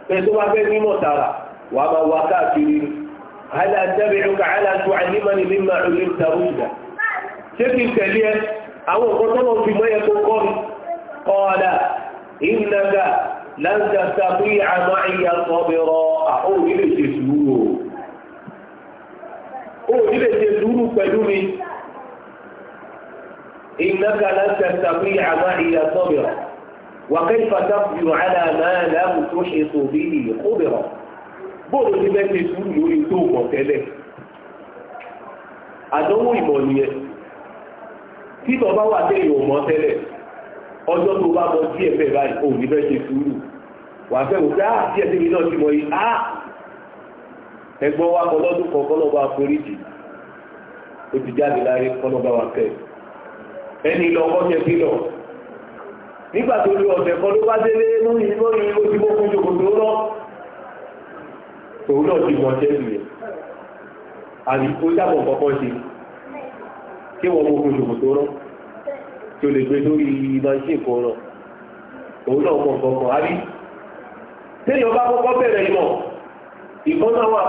pẹ̀lú tó bá fẹ́ mímọ̀ tààrà wàá máa wá káàkiri àlà tẹ́bẹ̀rẹ̀ ká àlà tó ànímọ̀ni mímọ̀ òní ìtàrú ìjà ṣé kí n tẹ̀lé ẹ àwọn nǹkan tó lọ fi mọ́ yẹn tó kọ́ mi láǹdà tàbí إنك لن تستطيع معي صبرا وكيف تصبر على ما لم تحط به خبرا bóòlù ní bẹ́ẹ̀ ṣe sùúrù lórí tó mọ̀ tẹ́lẹ̀ àdánwò ìmọ̀ nìyẹn tí bàbá wà tẹ́ ìwọ̀n mọ̀ tẹ́lẹ̀ ọjọ́ tó bá mọ díẹ̀ bẹ́ẹ̀ báyìí ò ní bẹ́ẹ̀ ṣe sùúrù wà fẹ́ wò pé á díẹ̀ tẹ́mi náà ti mọ̀ yìí á ẹgbọ́n wa kọ́ lọ́dún kan kọ́ lọ́ba foríjì ó ti jáde láyé kọ́ lọ́ba wa kẹ́ẹ̀. ẹni lọ ọjọ́ sí lọ nígbà tó ọ̀sẹ̀ kan ló bá délé lórí lórí ojú mọ́ jòkòtò lọ òun náà ti mọ̀ jẹ́ ìlú àbí ó jábọ̀ kọ̀ọ̀kan sí kí wọ́n mọ́ lọ tí lè gbé lórí òun náà mọ̀ àbí kọ́kọ́ bẹ̀rẹ̀ ìmọ̀ náà wà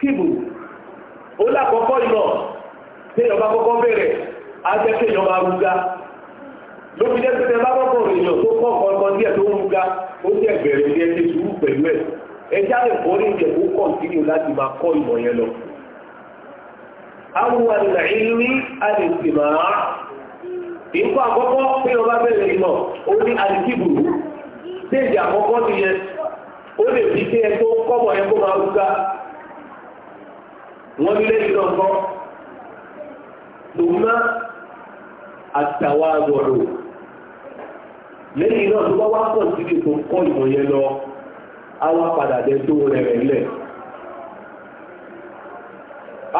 fún ní ó lákọ̀ọ́kọ́ ìmọ̀ téèyàn bá kọ́kọ́ bẹ̀rẹ̀ á jẹ́ kéèyàn máa rúgá lóbi jẹ́ pípẹ́ bá kọ́kọ́ èèyàn tó kọ́ kọ́kọ́ díẹ̀ tó rúgá ó jẹ́ bẹ̀rẹ̀ ní ẹni sùúrù pẹ̀lú ẹ̀ lè kọ́ ní láti máa kọ́ ìmọ̀ yẹn ọba bẹ̀rẹ̀ ìmọ̀ ó ní àkọ́kọ́ ó lè fi kí ẹ tó yẹn kó wọ́n lé ìlọ́gbọ́ lòmá àtàwàdọ̀rọ̀ lẹ́yìn náà tó bá wá pọ̀ sí ibi tó ń kọ́ ìmọ̀ yẹn lọ á wá padà dé tó rẹ̀ rẹ̀ lẹ̀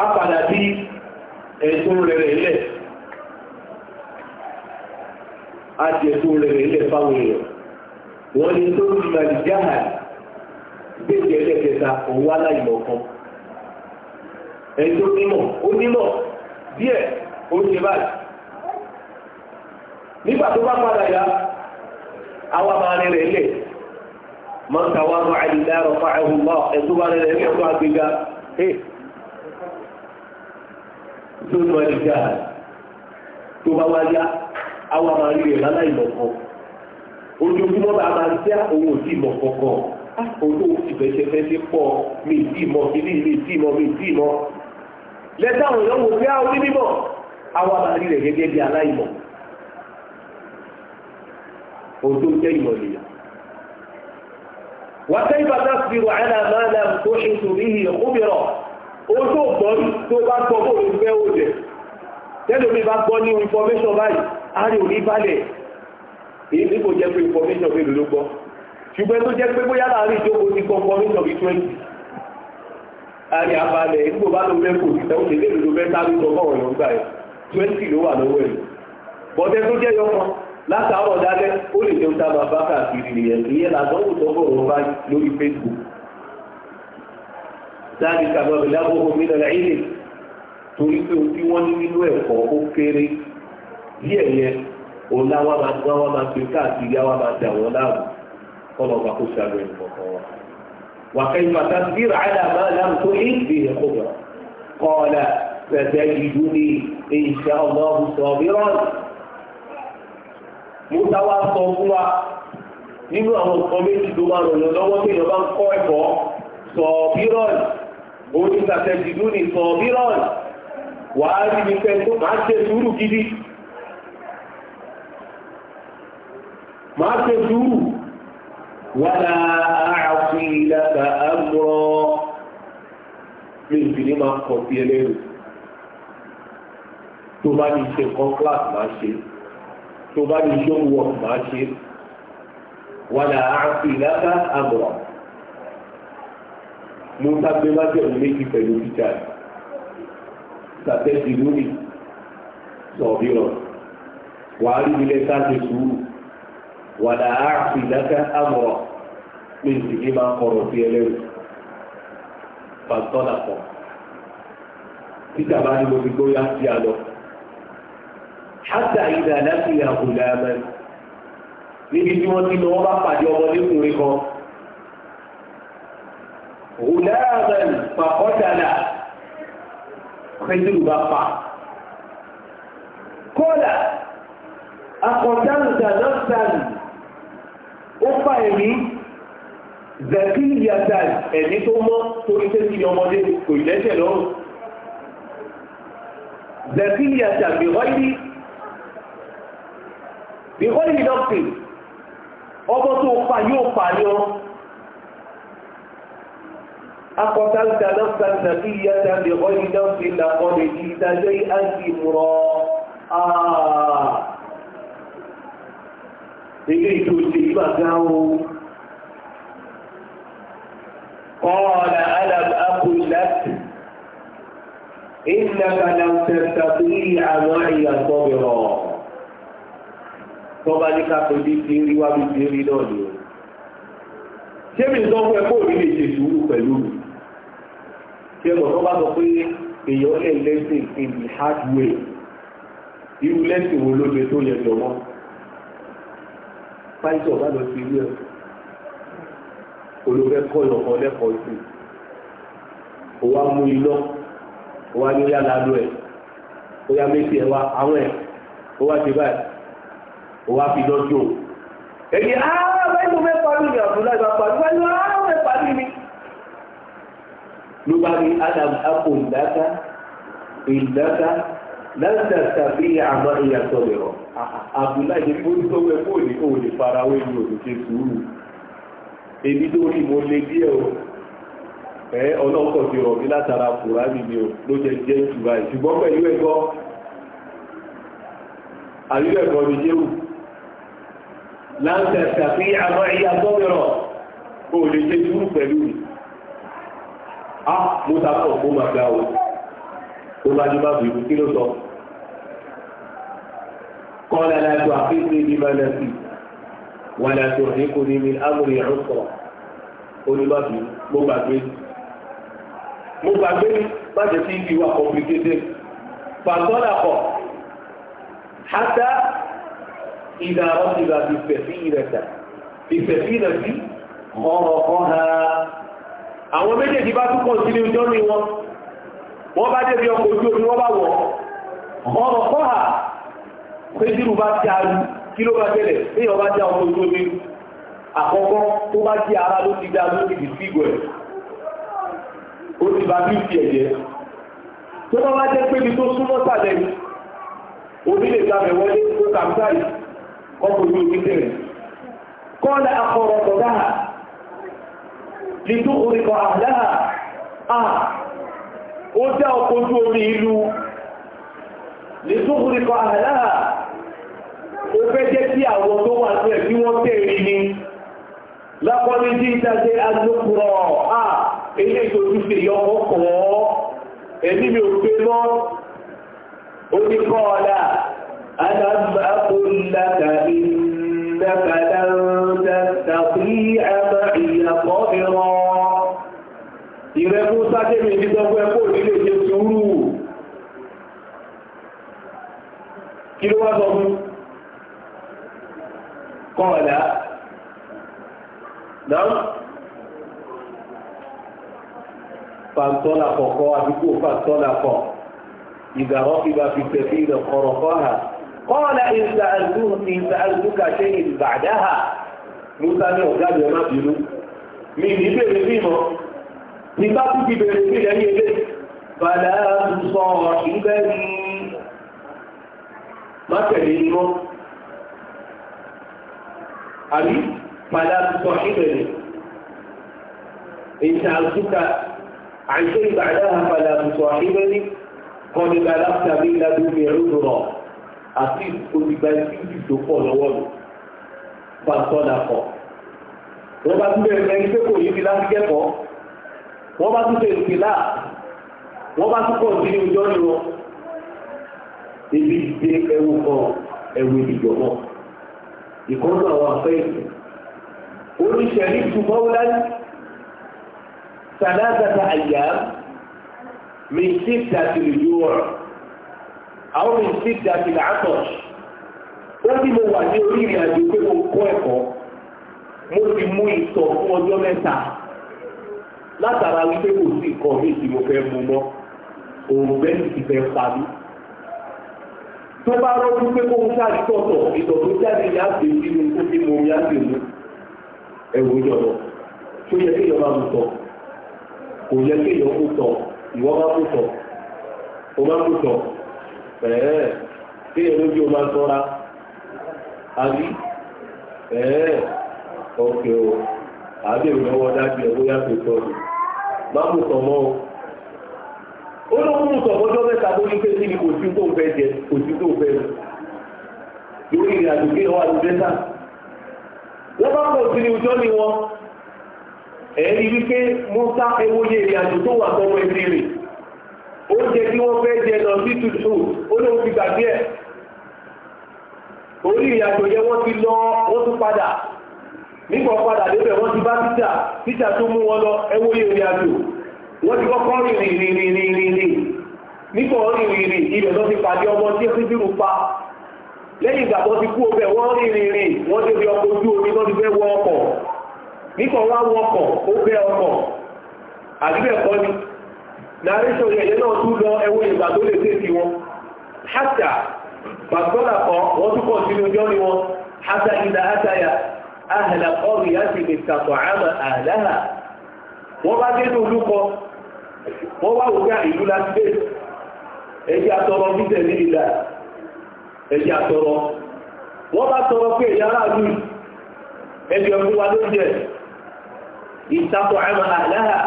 á padà bí ẹ̀tọ́ rẹ̀ rẹ̀ lẹ̀ á di ẹ̀tọ́ rẹ̀ rẹ̀ lẹ̀ fáwọn èèyàn wọ́n ní tó ń gbàdìjáhà gbèjẹ́ lẹ́kẹta òun wá láì lọ́kàn. ẹjọ́ mímọ̀ onímọ̀ díẹ̀ ó ṣe báyìí nígbà tó bá padà yá àwa máa rìn rẹ̀ lẹ̀ máa ń ta wá mọ́ àdìlẹ́ àrọ̀ ẹ̀tọ́ bá rẹ̀ lẹ̀ fún àgbéga tó lọ ìjà tó bá wá yá àwa máa rí rẹ̀ bá ah, mi lẹ́tà àwọn èèyàn wò bí a orí mímọ̀ àwọn àbárí rẹ̀ gẹ́gẹ́ bí aláìmọ̀ ohun tó jẹ́ ìmọ̀ nìyà wà tẹ́ ìbá náà fi wà ẹ́nà máa nà tó ṣe torí ìyẹ̀kúbìrọ̀ ohun tó gbọ́ tó bá gbọ́ bó ló fẹ́ ó jẹ tẹ́lẹ̀ mi bá gbọ́ ní information báyìí a rí òní balẹ̀ èyí tí kò jẹ́ pé information mélòó ló gbọ́ ṣùgbọ́n tó jẹ́ pé bóyá láàárín ìjókòó ti kọ́ information bí twenty àrí abalẹ̀ ìgbò bá ló mẹ́kò ìtẹ́wọ́n lè lè lò mẹ́ta ló sọ fọ́wọ̀n yọ̀ǹgbà ẹ̀ twenty ló wà lọ́wọ́ ẹ̀ bọ́tẹ́ tó jẹ́ yọkan látàárọ̀ dálẹ́ ó lè jẹun tábà bá káàkiri nìyẹn ìyẹn làdánwò sọ́fọ̀rọ̀ bá Facebook láti kàbọ̀ ìlàbọ̀ òmìnira ilé torí pé tí wọ́n ní nínú ẹ̀kọ́ ó kéré díẹ̀ yẹn òun láwa máa gbọ́n wá máa fi káàkiri àwa máa dà wọ́n láàbù kọ́nà ọba kó ṣàlùwẹ̀ nìkan kan wa. وكيف تصبر على ما لم تحيط به خبرة قال فتجدني إن شاء الله صابرا متواصل هو nínú àwọn nǹkan méjì tó máa ràn yàn lọ́wọ́ tí èèyàn bá ń kọ́ ẹ̀kọ́ sọ̀bírọ̀n oníṣàtẹ̀jìdú ni sọ̀bírọ̀n wàá rí mi fẹ́ tó máa ṣe sùúrù gidi máa ṣe sùúrù wàlà قيل لك أمرا من كلمة قتيلين tó bá ní ṣe nǹkan class máa ṣe tó bá ní ṣe work máa ṣe wàlà àti ìlàkà àmọ̀ràn mo ń sábẹ́ májẹ̀mú méjì pẹ̀lú títà sàtẹ́sì lónìí sọ̀bíràn wàá rí ilé sáà ṣe sùúrù wàlà àti ìlàkà àmọ̀ràn pé ìdílé máa kọrọ̀ sí ẹlẹ́rù pàtọ́nà pọ̀ títà bá ní gbogbo gbóyà sí àlọ́ hátà ìdá láti ìyàwó làmẹ́ níbi tí wọ́n ti lọ wọ́n bá pàdé ọmọdékùnrin kan òlàmẹ́ pàkọ́tàlà kẹ́sìrì bá pa kọ́là akọ̀tàǹtà náà sàn ó fà èyí zakiri yata ẹ̀mí tó mọ́ torí tẹ́sí ọmọdé kò lẹ́sẹ̀ lọ́rùn zakiri yata bìhọ́ìlì bìhọ́ìlì dọ́kítì ọmọ tó pa yóò pa ní ọ akọ̀tàlùtà lọ́sà zakiri yata bìhọ́ìlì dọ́kítì làkọ́lẹ̀ ìdájọ́ ìhàǹtì mùrọ̀ àà ilé ìjọ òṣèlú àgbà ooo. قال ألم أقل لك إنك لم تستطيع معي صبرا tọ́ba ní ká pèsè ti rí wá bí ti rí náà ni o ṣé mi sọ fún ẹ kó rí lè ṣe sùúrù pẹ̀lú mi ṣé mo tọ́ba sọ pé èèyàn lè lẹ́sìn in the hard way irú lẹ́sìn wo ló tó yẹ jọmọ́ pàṣẹ ọ̀gá lọ sí ilé ẹ̀kọ́ olùfẹ́ kọ́ ìyọ̀kan lẹ́kọ̀ọ́ sí o wá mú iná o wá ní yàrá lọ ẹ̀ o yá méjì ẹ̀ wá àwọn ẹ̀ o wá ti báyìí o wá fi lọ́jọ́ o. èyí aaa báyìí mo fẹ́ parí ni àbúrò àgbà parí báyìí aaa ah, mo fẹ́ parí ni. ló bá ní adam apò ìdáká ìdáká láti àtàbí àmọ́ ìyàtọ̀ rẹ̀ àbúrò àgbà ìdíbò tó wẹ̀ fóònù òòlù farawé ni òòlù sùúrù èmi lórí mo lè díẹ̀ o ẹ ọlọ́kọ̀ ti rọ̀ mí látara kùránì mi o ló jẹ jẹ́ ìtura ẹ̀ ṣùgbọ́n pẹ̀lú ẹ̀kọ́ àríwá ẹ̀kọ́ mi jẹ́wù láǹtẹ̀ tàbí àmọ́ ẹ̀yà tọ́mìrọ̀ mi a mo ta pọ̀ mo máa ga o mo máa ní má bìrù kí ló sọ kọ́ lẹ́la tó àfihàn ní ma wàlá tó rí kò ní mi amúrí ọ̀pọ̀ onímọ̀bí mo gbàgbé mo gbàgbé má jẹ́ sí ìwà complicated fàtọ́là kọ̀ hátà ìdá ọ̀sìnlá ti fẹ̀fí ìrẹ̀ta ìfẹ̀fí ìrẹ̀tí ọ̀rọ̀ kan ha àwọn méjèèjì bá tún kọ̀ǹtínú ìjọ́ ní wọn wọ́n bá débi ọkọ̀ ojú omi wọ́n bá wọ̀ ọ̀rọ̀ kan ha pé dírù bá ti arú kí ló bá tẹ̀lẹ̀ bí ọba já ọmọ ojú omi àkọ́kọ́ tó bá jẹ́ ara ló ti dá ló ti dìtì ìgò ẹ̀ ó ti bá bí ìfì ẹ̀jẹ̀ tó bá bá jẹ́ pé ibi tó súnmọ́ sàlẹ̀ omi lè gba mẹ́wọ́ lé tó kàmtáì ọkọ̀ ojú omi tẹ̀lẹ̀ kọ́lá akọ̀rọ̀ tọ̀dáhà lè tó orí kan àdáhà ó dá ọkọ̀ ojú omi ìlú lè tó orí kan àdáhà ó fẹ́ jẹ́ kí àwọn tó wà sílẹ̀ kí wọ́n tẹ̀rí ni lápọ́lé jí ìdájẹ́ agbókùrọ̀ à ilé ìtòjúṣe yọkọ̀ kọ̀ ọ́ ẹ̀mí mi ò pé mọ́ oníkọ́ọ̀lá alábàákòlákà ìdákàlá tàbí àmà ìyàpọ̀ ìrọ̀ ìrẹ́kún sájẹ́mì ìdíjọ́gbẹ́ kò nílé ṣe sùúrù kí ló wá sọ fún قال نعم فانطلق قادك فانطلق إذا ركب في السفينة خرقها قال إن سألته إن سألتك شيء بعدها موسى ní ọ̀gá rẹ̀ má bínú mi ní bèrè mímọ́ ní bá tún ti bèrè sí ilẹ̀ yẹlé bàdá sọ ìbẹ̀rù má tẹ̀lé mímọ́ àbí padà sọ ìbẹ̀rẹ̀ ìṣà àtúkà àìṣe ìbàdà padà sọ ìbẹ̀rẹ̀ kọ́nìgbà láti ìlàdúgbì ẹ̀rùdùrọ̀ àti olùgbà ìsìnkú tó pọ̀ lọ́wọ́ mi pàṣọ́dà pọ̀ wọ́n bá tún bẹ̀rẹ̀ ẹni pé kò yí ti láti kẹ́kọ̀ọ́ wọ́n bá tún ṣe ìpìlá wọ́n bá tún pọ̀ sí ọjọ́ ìrọ̀ ibi ìdíje ẹwù kan ẹwù ìdìjọ́ náà ìkọ́nù àwọn afẹ́ẹ̀sì oníṣẹ́rí tùmọ́wúlá sàdáàtàtà àyà mi sí dàtìlì yúwọ̀ àwọn mi sí dàtìlì àtọ̀ ó ní mo wà ní orí ìrìn àjò pé mo kọ́ ẹ̀kọ́ mo ti mú ìtọ̀ fún ọjọ́ mẹ́ta látara wípé kò sí nǹkan mi tí mo fẹ́ mú mọ́ òun bẹ́ẹ̀ ti fẹ́ pa tó bá rọ́jú pé kó ń káàdì tọ̀tọ̀ ìtọ̀ jáde ní àgbè sínú fi tó yẹ kí mú tọ̀ kò yẹ kí mú tọ̀ mú tọ̀ o má mú tọ̀ ẹ̀ẹ́ kí lójú o tọ́ra àbí ẹ̀ẹ́ ọ̀kẹ́ o dájú tọ̀ má mú olóhùn sọ ọjọ́ mẹ́ta bó ní pé sí ni kò sí tó fẹ́ jẹ kò sí tó fẹ́ lọ lórí ìrìn wọ́n sí ni ọjọ́ ni wọn ẹ̀rí wípé musa ewóye ìrìn tó wà tọmọ ẹsẹ̀ rẹ̀ wọ́n fẹ́ jẹ lọ sí tuntun gbàgbé ẹ̀ orí wọ́n ti lọ wọ́n tún padà nígbà padà wọ́n ti bá títà títà tó wọn lọ ewóye wọ́n ti kọ́kọ́ rìn rìn rìn rìn rìn rìn nípa ti pàdé ọmọ tí ó ti dúró ọkọ̀ ojú wọ́n ti wọ́n wá wọ́n gbá ìlú láti dé ẹjẹ́ àtọrọ bíjẹ̀ ní ìlà wọ́n bá tọrọ pé èyí aráàlú ẹgbẹ́ ọdún wa ló jẹ ìtakọ̀ ẹ̀mà àdáhà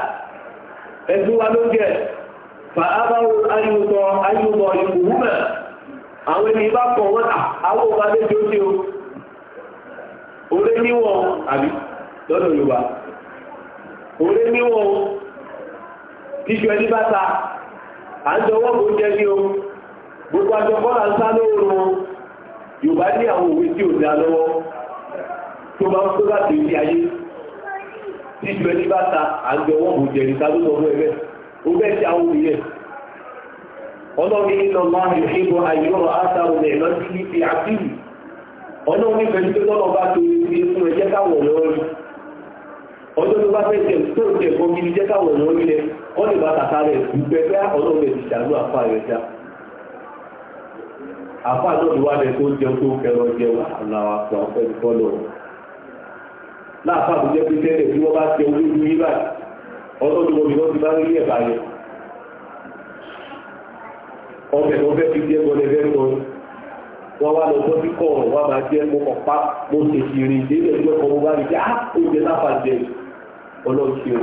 ẹgbẹ́ wa ló jẹ́ fa abáwo àwọn ẹni bá kọ̀ wọ́n lẹ́jọ́ sí o orí níwọ̀n àbí Yorùbá orí níwọ̀n kíṣù ẹni bá ta àjọ bụ jẹ́ ní o gbogbo àjọ kọ́lá ń sá lóòrùn Yorùbá ní àwọn òwe tí ò dá lọ́wọ́ tó máa ń kó bá tó ní ayé kíṣù ẹni bá ta àjọ jẹ́ ní sálóòrùn ẹgbẹ́ pẹ̀lú tó bá tó ní fún ẹjẹ́ káwọ̀ lọ́rí ọjọ́ wọ́n lè bá kàkà rẹ̀ wípé pé ọlọ́run lè ti ṣàánú àfa rẹ̀ já àfa náà ni wà lẹ́yìn tó ń jẹun tó ń kẹrọ jẹun àlàwà fún ọ̀fẹ́ ìfọ́lọ́ láàfà àbújẹ́ pé tẹ́lẹ̀ tí wọ́n bá tẹ orí ìlú yìí báyìí ọlọ́run wọn ni wọ́n ti bá rí ẹ̀bà yẹn ọbẹ̀ tó fẹ́ fi jẹ́ gbọ́dẹ̀fẹ́ sọ wọ́n wá lọ bọ́ sí kọ̀ọ̀rọ̀ wọ́n máa jẹ́ mo kàn pa mo ṣèṣì rìn délẹ̀ ìjọkọ̀ mo bá rí pé á ah, oúnjẹ láfa jẹ ọlọ́run ṣe o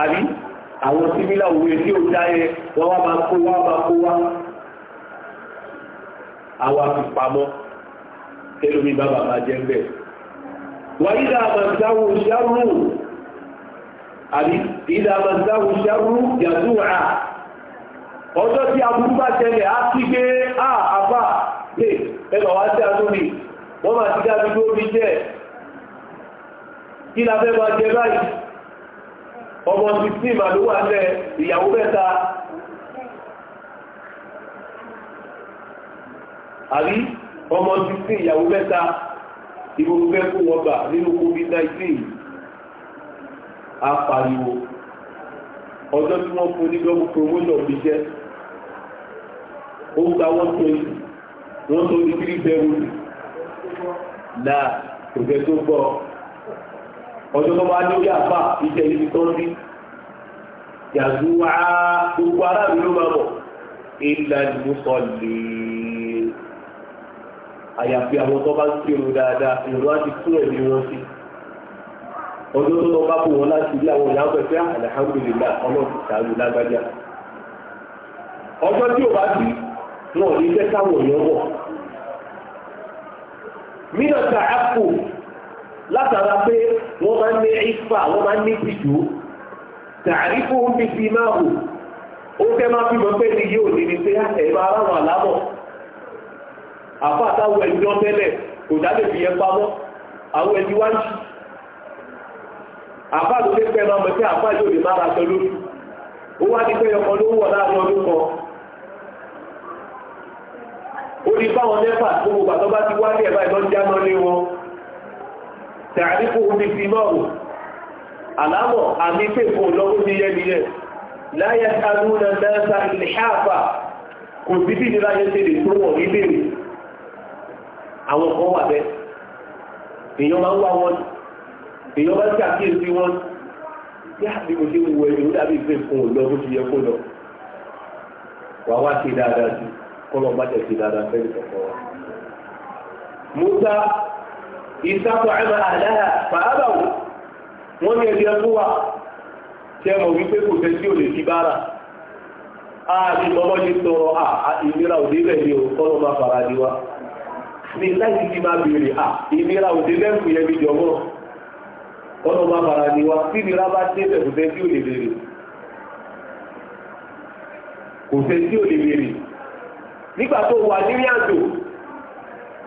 àbí àwọn símílà òwe tí ó dáyẹ wọ́n wá máa kó wá máa kó wá àwọn àfipamọ́ tẹ́lómi bá bàbá jẹ́ bẹ́ẹ̀ wọ́n yíra àmàdáwò ṣáró àbí ìdá àmàdáwò ṣáró yàtúwà ọjọ́ tí aburú bá tẹ́lẹ̀ á sí pé á àbá ọmọ sixteen àlówó àbẹ ìyàwó mẹ́ta àbí ọmọ sixteen ìyàwó mẹ́ta ìwòrò fẹ́ kó wọn gbà nínú covid nineteen apariwo ọjọ́ tí wọ́n fún onígbọ́mù promotion bí jẹ́ ó gba wọ́n tó yìí wọ́n tó ní three bẹ́ẹ̀ rúbi náà kò fẹ́ tó gbọ́ ọ ọjọ́ tó bá níbi àpá iṣẹ́ ibi tó ń rí yàgò wá gbogbo aráàlú ló máa bọ̀ ilà ìmúsọ̀lì àyàfi àwọn tó bá ń kírun dáadáa ìrún á ti tún ẹ̀mí wọn sí ọjọ́ tó lọ bá kó wọn láti ilé àwọn ìyàwó ẹ̀fẹ́ àlàhàmdùlélà ọlọ́ọ̀tì sàánù lágbájá ọjọ́ tí ò bá sí náà ní iṣẹ́ táwọn èèyàn wọ̀ mí náà ta ápò látara pé wọ́n máa ń ní ìfà wọ́n máa ń ní ìtìjú tààrífù ń bí fi máa hù ó fẹ́ máa fi mọ̀ pé ní yóò ní ní pé ah, ẹ̀rọ aráwọ̀ àlámọ̀ àfà àtàwọn ẹ̀jọ́ tẹ́lẹ̀ kò dábè fi yẹn pamọ́ àwọn ẹ̀jọ́ wá ń ṣì àfà ló lé pẹ́ máa mọ̀ pé àfà yóò lè máa ra aṣọ ó wá ní pé ọkọ ló wọ̀ láàrin ọdún kan ó ní fáwọn mẹ́fà tó gbogbo àtọ́ ti wá ní ẹ̀bá ìlọ́jà mọ́ ní wọn tàríkù omi fi mọ́rù aláwọ̀ àmì pèpò lọ́wọ́ ní yẹ́niyẹ́ láyé na mẹ́ta ìlẹ̀ṣàfà kò sí bí nílá yẹ́ tẹ́lẹ̀ tó wọ̀ ní àwọn kan wà bẹ́ èèyàn máa ń wá wọn èèyàn máa ń wọn tí àbí kò sí wù ẹni ó pé fún òun lọ́wọ́ ti ìsáfà ẹ̀mà àdáhà fàábàwò wọ́n ní ẹ̀dí ẹkú wa tí ẹmọ̀ wípé kò tẹ́ sí olè kíbára ààbí ọmọ ní sọ̀rọ̀ à ìnira òdé bẹ̀rẹ̀ o kọ́lọ́ máa fara ní wa ní láti ti máa bèèrè à ìnira òdé lẹ́kùn yẹn bẹ̀rẹ̀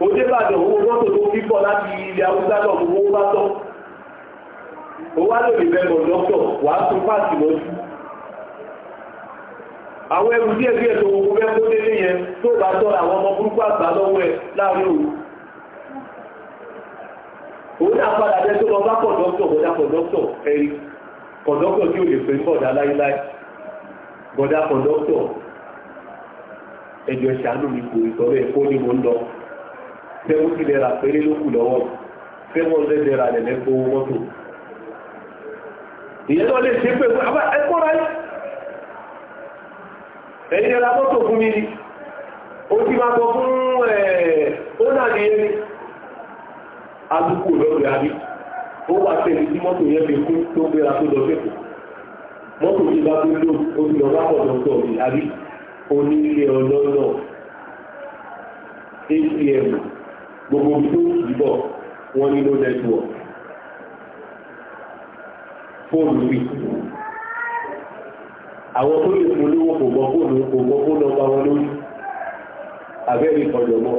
òde bàdàn owó mọ́tò tó kíkọ́ láti ilẹ̀ haúsá náà owó bá tọ́ ó wá lè lè bẹ̀rẹ̀ dọ́kítọ̀ wà á tún páàtì lọ́jú àwọn ẹrù díẹ̀ díẹ̀ tó gbogbo fẹ́ kó délé yẹn tó bá tọ́ àwọn ọmọ burúkú àgbà lọ́wọ́ ẹ̀ láàrin òun náà padà bẹ́ tó lọ mi kò ìtọ́lẹ̀ kó ní mo ń lọ sẹ́wọ́n ti lẹ́ra péré ló kù lọ́wọ́ sẹ́wọ́n lẹ́ lẹ́ra lẹ́lẹ́ kó mọ́tò ìyẹn náà lè ṣe pé àbá ẹ̀kọ́ ráyé ẹ̀yìn ẹ̀ra mọ́tò fún mi ni ó ti máa sọ fún ọ́nà nìyẹn ni alùpùpù lọ́rẹ̀ àbí ó wà tẹ̀lé tí mọ́tò yẹn fi kú tó gbéra tó lọ sẹ́kù mọ́tò yìí bá tó lò ó ti lọ gbogbo tó yíbọ̀ wọ́n ní ló nẹ́tíwọ̀ fóònù rí àwọn tó lè fún lówó kò gbọ́ fóònù kò gbọ́ fóònù ọba wọn lórí abẹ́rẹ́ ìkọjọ̀mọ́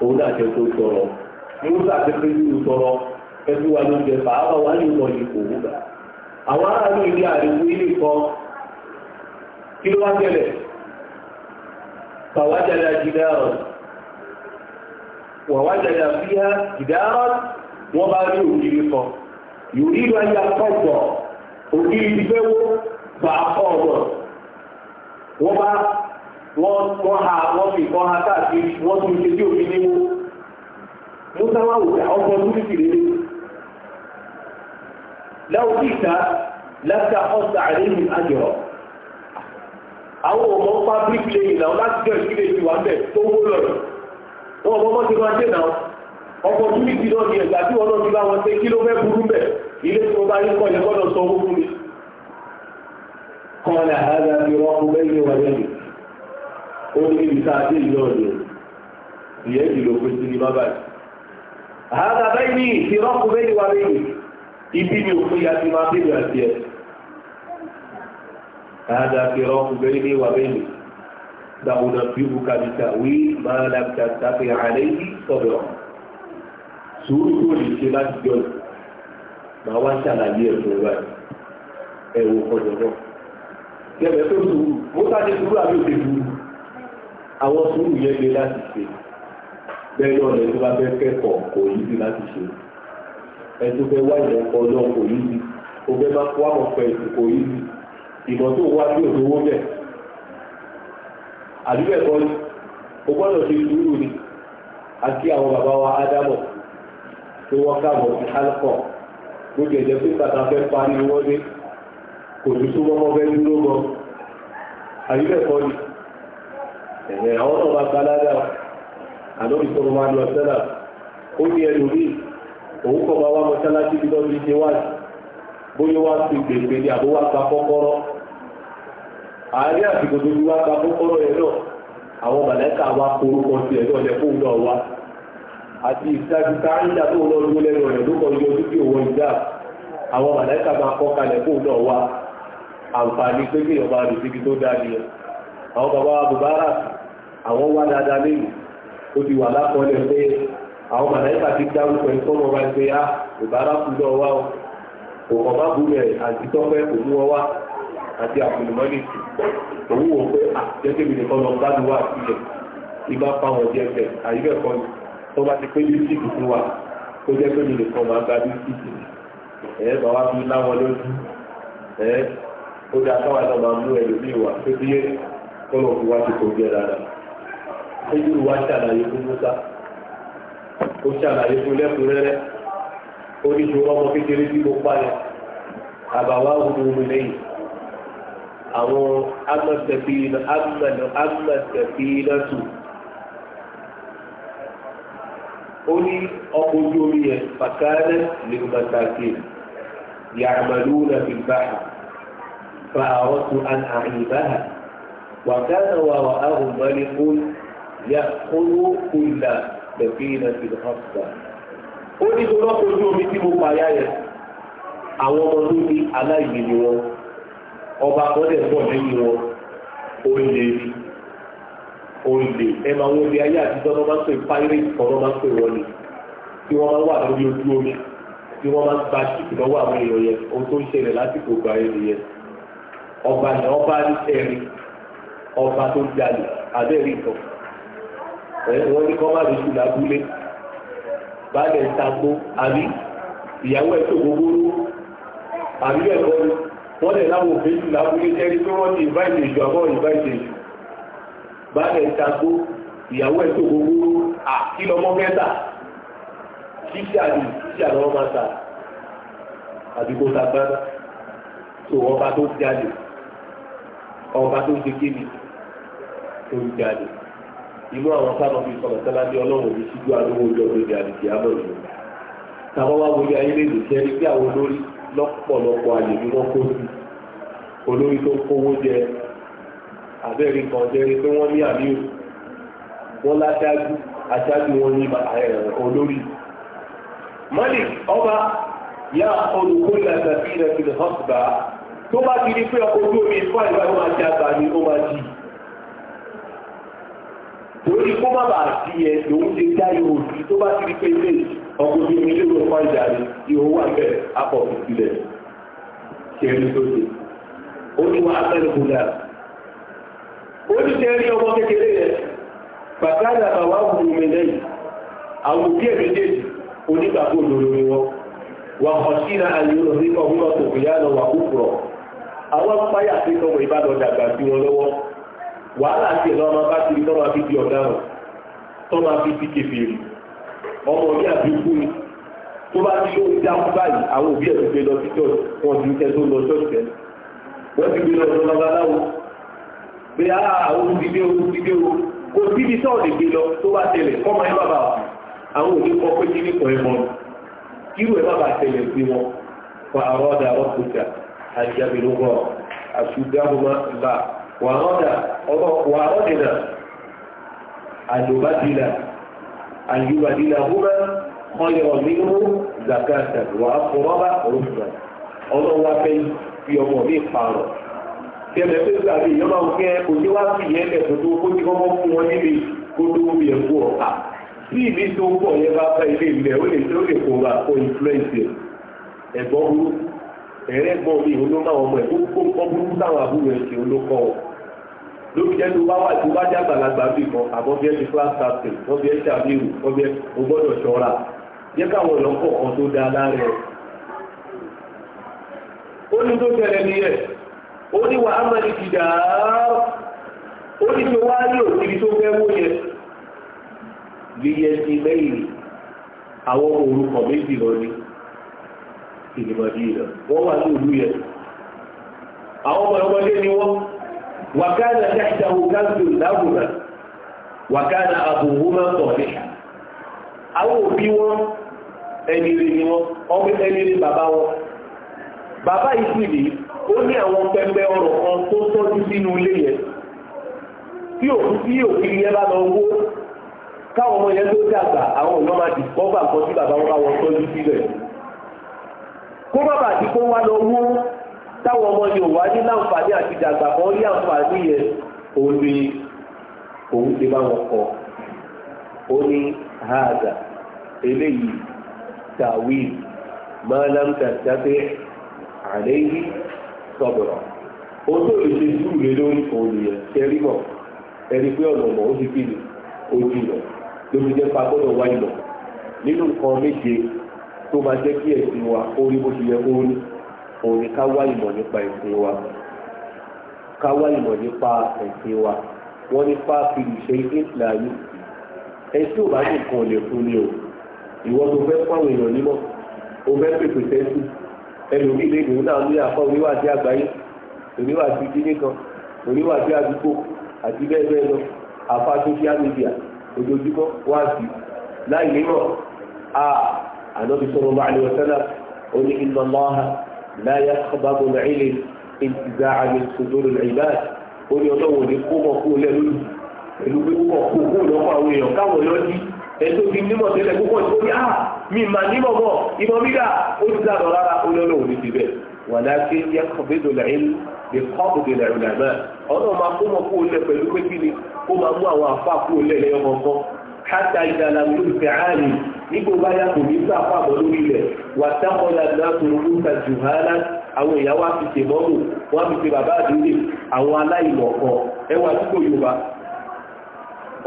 òun náà jẹ́ tó sọ̀rọ̀ musa ti fi ní sọ̀rọ̀ ẹbí wa ló jẹ fàáfà wà ní ìmọ̀ ní kò wúgbà àwọn aráàlú ilé àríwú ilé kan kí ló wá tẹ̀lẹ̀ fàwájà dájú náà wàwájàdà fi há ìdárọ̀ wọ́n bá rí ògiri sọ yòrí lọ ya kọ́gbọ̀ ògiri ti fẹ́ wó bá kọ́gbọ̀ wọ́n bá wọ́n ha wọ́n fi kọ́ ha káàkiri wọ́n tún ṣe tí òfin ní wó musa wà wò ọkọ̀ lórí ìrèlè láwọn tí ìta láta ọ̀sà àríyìn àjọ àwọn ọmọ fábíríkì lẹ́yìn làwọn láti jẹ́ ìdílé ìwà bẹ̀ tó wó lọ́rọ̀ wọn ọmọ ọmọ ti máa dé náà ọkọ̀ túbí ti náà ní ẹ̀gbà tí wọn náà ti bá wọn ṣe kí ló fẹ́ burú bẹ̀ ilé tí mo bá yí kọ́ ilé sọ owó fún mi. kọ́lá àgbà fi wọ́n fún bẹ́ẹ̀ wà lẹ́yìn ó ní ibi سأنبئك بتأويل ما لم تستطع عليه صبرا sùúrù tó lè ṣe láti jọ máa wá ṣàlàyé ẹ̀sùn ìwà ẹ̀wò ọ̀dọ̀ náà gẹ̀gẹ̀ tó sùúrù ó sáré sùúrù àbí òde sùúrù àwọn sùúrù yẹn lè láti ṣe bẹ́ẹ̀ náà lẹ́yìn tó bá fẹ́ kẹ́kọ̀ọ́ kò yí sí láti ṣe ẹ̀ fẹ́ wá ìmọ̀ kan kò yí sí ó fẹ́ máa wá mọ̀ pẹ̀lú kò yí sí ìmọ̀ tó wá sí òdòwó bẹ́ẹ̀ àdúgbò ẹ̀kọ́ ni o gbọ́dọ̀ ṣe sùúrù ni àti àwọn bàbá wa ádámọ̀ tó wọ́n káàbọ̀ sí alkọ̀ bó ti ẹ̀jẹ̀ pé bàtà fẹ́ parí wọ́n dé kò ní tó mọ́mọ́ fẹ́ dúró mọ́ àdúgbò ẹ̀kọ́ ni ẹ̀yẹ àwọn náà bá gba ládà àlóbi tó máa lọ sẹ́là ó ní ẹlòmíì òun kọ̀ máa wá mọ́ṣáláṣí bí lọ́ọ́ fi ṣe wáyé bóyá wá sí gbèsè ni àbó pa kọ́kọ́rọ́ àárín àsìkò tó ti wá gba kọ́kọ́rọ́ yẹn náà àwọn màlẹ́kà wa korúkọ sí ẹ̀ náà lẹ́kọ̀ọ́ náà wá àti ìsájú káńdà tó lọ dúró lẹ́nu rẹ̀ ló kọ́ yọ dúkìá owó ìjà àwọn màlẹ́kà máa kọ́ kalẹ̀ fóun náà wá àǹfààní pé kí ìyọba rẹ̀ síbi tó dá ni àwọn bàbá wa bùbárà àwọn wá dáadáa lẹ́yìn ó ti wà lákọọ́lẹ̀ pé àwọn màlẹ́kà ti dárúkọ ẹ̀ sọ́mọ wa pé á bùbárà kú náà o kò kọ́ má bú rẹ̀ àti ọ àti àpòlùmọ́lìsì òun wò pé àjẹ́kẹ́bì ah, nìkan lọ bá wà sílẹ̀ ibá fáwọn jẹ́fẹ̀ àyíbẹ̀kọ́ tó bá ti pé lísìkì fún wa ó jẹ́ pé mi nìkan máa gba lísìkì ẹ̀ẹ́ bá wá fi láwọn lójú ó dá náà wa ti kò jẹ́ wa ṣàlàyé fún ó ṣàlàyé fún lẹ́kùnrẹ́rẹ́ ó ní ju ọmọ kékeré tí pa yẹn àbàwá òun àwọn amọ̀tẹ̀fìlà amọ̀tẹ̀fìlàtù ó ní ọkọ̀ ojú omi yẹn fàkàlẹ̀ lèmọ̀tàkì yàmàlú náà fi báyà fa àwọn tó an àyíbáyà وكان وراءهم ملك يأخذ كل سفينة خاصة ó ní tó lọ́kọ̀ ojú omi tí mo pààyà yẹn àwọn ọmọ tó ní aláìní ni wọn ọba kọ́dẹ̀ pọ̀ nínú wọn oúnjẹ oúnjẹ ẹ máa wọ́n di ayé àtijọ́ tó máa ń pè pirate kan máa ń pè wọ́n ni tí wọ́n máa wà lórí ojú omi tí wọ́n máa ń gba ṣíkì lọ́wọ́ àwọn èèyàn yẹn ohun tó ń ṣẹlẹ̀ lásìkò gba ẹni yẹn ọba ni ọba ní ẹ̀rí ọba tó jalè abẹ́rẹ́ ìtàn wọ́n ní kọ́ máa lè ṣù lábúlé baálẹ̀ ń tagbó àbí ìyàwó ẹ̀ tó gbogbo àbí bẹ́ẹ̀ wọ́n lè láwọn òfin jù lábúlé jẹ́rí pé wọ́n ti ìbáìdè ìjọ àbọ̀ ìbáìdè ìjọ báyẹ̀ ìtagbó ìyàwó ẹ̀tọ́ gbogbo àkílọmọ mẹ́ta kíṣì àdì kíṣì àlọ́wọ́ máa ta àdìgbò tagbára tó ọba tó jáde ọba tó ṣe kéde tó jáde inú àwọn sábà fi sọ̀rọ̀ sẹ́lá ní ọlọ́run ní ṣíjú alówó ọjọ́ tó jáde kí á bọ̀ ìlú tàbá wá wọlé ayé lè lè jẹ́rí pé àwọn olórí lọ́pọ̀lọpọ̀ àyè ni wọ́n kó sí olórí tó kówó jẹ abẹ́rẹ́ kan jẹ́rẹ́ pé wọ́n ní àmì wọ́n láṣáájú aṣáájú wọn ní olórí malik ọba yá olùkóyà tàbí ilẹ̀ fi hàn tó bá ti di pé ọkọ̀ ojú omi fún àìgbà ó máa jẹ àgbà ni ó máa jì torí kó má bàa di ẹ lòun ti dá ihò sí tó bá ti di pé ilé yìí ọkọ̀ tí omi lérò fà ìjà ni ihò wà bẹ́ẹ̀ apọ̀ ìpìlẹ̀ kẹrin tó ṣe ó ní wọn atẹ́lẹ̀ kò dáa ó ní kẹrin ọmọ kékeré yẹn bàtàlà bàwá wù mí lẹ́yìn àwọn òbí ẹ̀ méjèèjì onígbàgbọ́ òdòdó ni wọn wà kọ̀ sí ra àyè olórí kan fún ọ̀tọ̀ ìyá lọ wà kúkúrọ̀ àwọn apáyà sí tọmọ ìbàdàn dàgbà sí wọn lọ́wọ́ wàhálà sí ẹ̀ lọ́wọ́ máa bá ti rí tọ́mọ ọmọ ní àbíkú ni tó bá ti lóun dáhùn báyìí àwọn òbí ẹ̀ ti gbé lọ sí church wọn ti ń tẹ́ tó lọ church ẹ̀ wọ́n ti gbé lọ sọ babaláwo pé ah, àwọn olùdíje olùdíje o kò síbi sọ́ọ̀dì gbé lọ tó bá tẹ̀lẹ̀ kọ́mọ ẹ bàbá òfin àwọn òbí kọ́ pé kí ní kọ́ ẹ mọ́ irú ẹ bàbá tẹ̀lẹ̀ sí wọn fa àwọn ọ̀dà ọ̀kùnjà àjàbìlúgbọ̀ àṣùdáhùnmá bá wà ọ̀dà ọ̀dà àdùbádìlà àyùbàdìlàhúmá ọyọ̀ nínú zakata wà á fọ rọ́bà rọ́bà ọlọ́wà fẹ́ fi ọmọ mi pààrọ̀ tẹ́lẹ̀ pé sàbí ìyọ́n máa ń kẹ́ ojú wá sí ìyẹn lẹ̀ tuntun kó ti kọ́kọ́ fún wọn níbi kó tó ń yẹ kú ọ̀ka tí ìbí tó ń mi olóńgbà ọmọ ẹ̀ kó kó burú táwọn àbúrò ẹ̀ olókọ́ ọ̀ lórí jẹ́ tó bá wà tó bá jẹ́ àgbàlagbà bí kan àbọ̀ bí ẹ ti class captain wọ́n bí ẹ wọ́n bí ẹ o gbọ́dọ̀ ṣọ́ra jẹ́ káwọn ọlọ́pọ̀ kan tó dáa lára ẹ̀. ó ní tó tẹ̀lé ní ẹ̀ ó ní wàá máa ní jìdá ó ní tó wá ní òkiri tó fẹ́ wó yẹn líyẹ sí lẹ́yìn àwọn orúkọ méjì lọ ní ìdìbò وكان تحته كنز لهما وكان أبوهما صالحا àwọn بيو wọn ẹni rí ni بابا ọmọ ẹni rí bàbá wọn bàbá ìpìlẹ̀ ó ní àwọn pẹpẹ ọrọ̀ kan tó tọ́jú sínú ilé yẹn tí òkú tí òkú yẹn bá lọ wó káwọn ọmọ yẹn tó dàgbà àwọn ọ̀nà máa dì kọ́ bà kan tí bàbá wọn bá wọn tọ́jú sílẹ̀ kó bàbá àti kó wá lọ wó táwọn ọmọ Yorùbá ní láǹfààní àti dàgbà kan rí àǹfààní yẹn òun ni òun ti bá wọn kọ ó ní haza eléyìí tàwíì máa lám tàbí àléyìí sọ̀bọ̀rọ̀ ó tó èsì sùúrù lé lórí òun nìyẹn ṣẹrí mọ̀ ẹni pé ọ̀nà ọ̀mọ̀ ó ti kí ni ojú lọ lórí jẹ́ pa gbọ́dọ̀ wáyé lọ nínú nǹkan méje tó máa jẹ́ kí ẹ̀sìn wa ó rí bó ti yẹ kó rí. òun ni ká wá ìmọ̀ nípa ẹ̀sìn wa ká wá ìmọ̀ nípa ẹ̀sìn wa wọ́n ní fáfi ìṣe ìsìláyé ẹ̀sìn ò bá o ìwọ tó fẹ́ fáwọn èèyàn o fẹ́ pèpè sẹ́sìn ẹlòmíì lè dùn náà ní àfọ oníwàdí àgbáyé oníwàdí dídí kan oníwàdí àdúgbò àti bẹ́ẹ̀ bẹ́ẹ̀ lọ àfa social media ojoojúmọ́ a ànábi sọ̀rọ̀ bá àlè wọ̀sẹ́lá ó ní لا يخضب العلم انتزاعا من صدور العباد ó ní ọlọ́wọ́ ní kó mọ̀ kó lẹ́nu pẹ̀lú pé kó kó kó lọ́pọ̀ àwọn èèyàn káwọn yọ ní ẹ̀tọ́ ti nímọ̀ tẹ́lẹ̀ púpọ̀ tó ní àà mi mà nímọ̀ mọ̀ ìmọ̀ mi dà ó ti dànù rárá ó ní ọlọ́wọ́ ní ti bẹ̀ wà láti yẹ kọ̀bẹ́dọ̀ lẹ́yìn lè kọ́ òde lẹ́rù lẹ́mọ̀ ọlọ́wọ́ máa kó mọ̀ kó lẹ́ pẹ̀lú pé kí ni ó máa mú àwọn àfa kó lẹ́ nígbò bá yà kò ní sọ àpapọ̀ lórí rẹ̀ wà tábọ̀lá láti orú kàjù hálà àwọn ìyàwó àti tèmọ́mù wọ́n fi ṣe bàbá àdúgbò àwọn aláìmọ̀ kan ẹwà tí kò yorùbá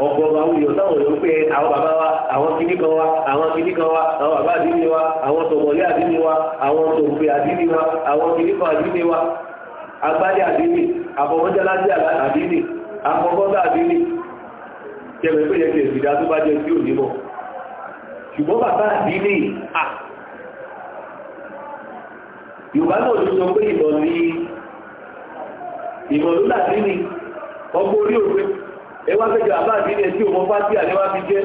ọ̀pọ̀ àwọn èèyàn táwọn èèyàn pé àwọn wa àwọn kìíní kan wa àwọn kìíní kan wa àwọn bàbá àdínní wa àwọn tọ̀mọ̀lé àdínní wa àwọn àdínní wa àwọn kìíní kan àdínní wa àdínní àdínní àdínní kẹ̀sìdá tó bá jẹ́ sí òní mọ́ ṣùgbọ́n bàbá àdílé à yorùbá náà ló sọ pé ìmọ̀ ní ìmọ̀ ló làdí ni ọgbọ́n orí òwe ẹ wá fẹ́jọ bàbá àdílé tí òun fásitì àdéhùn fi jẹ́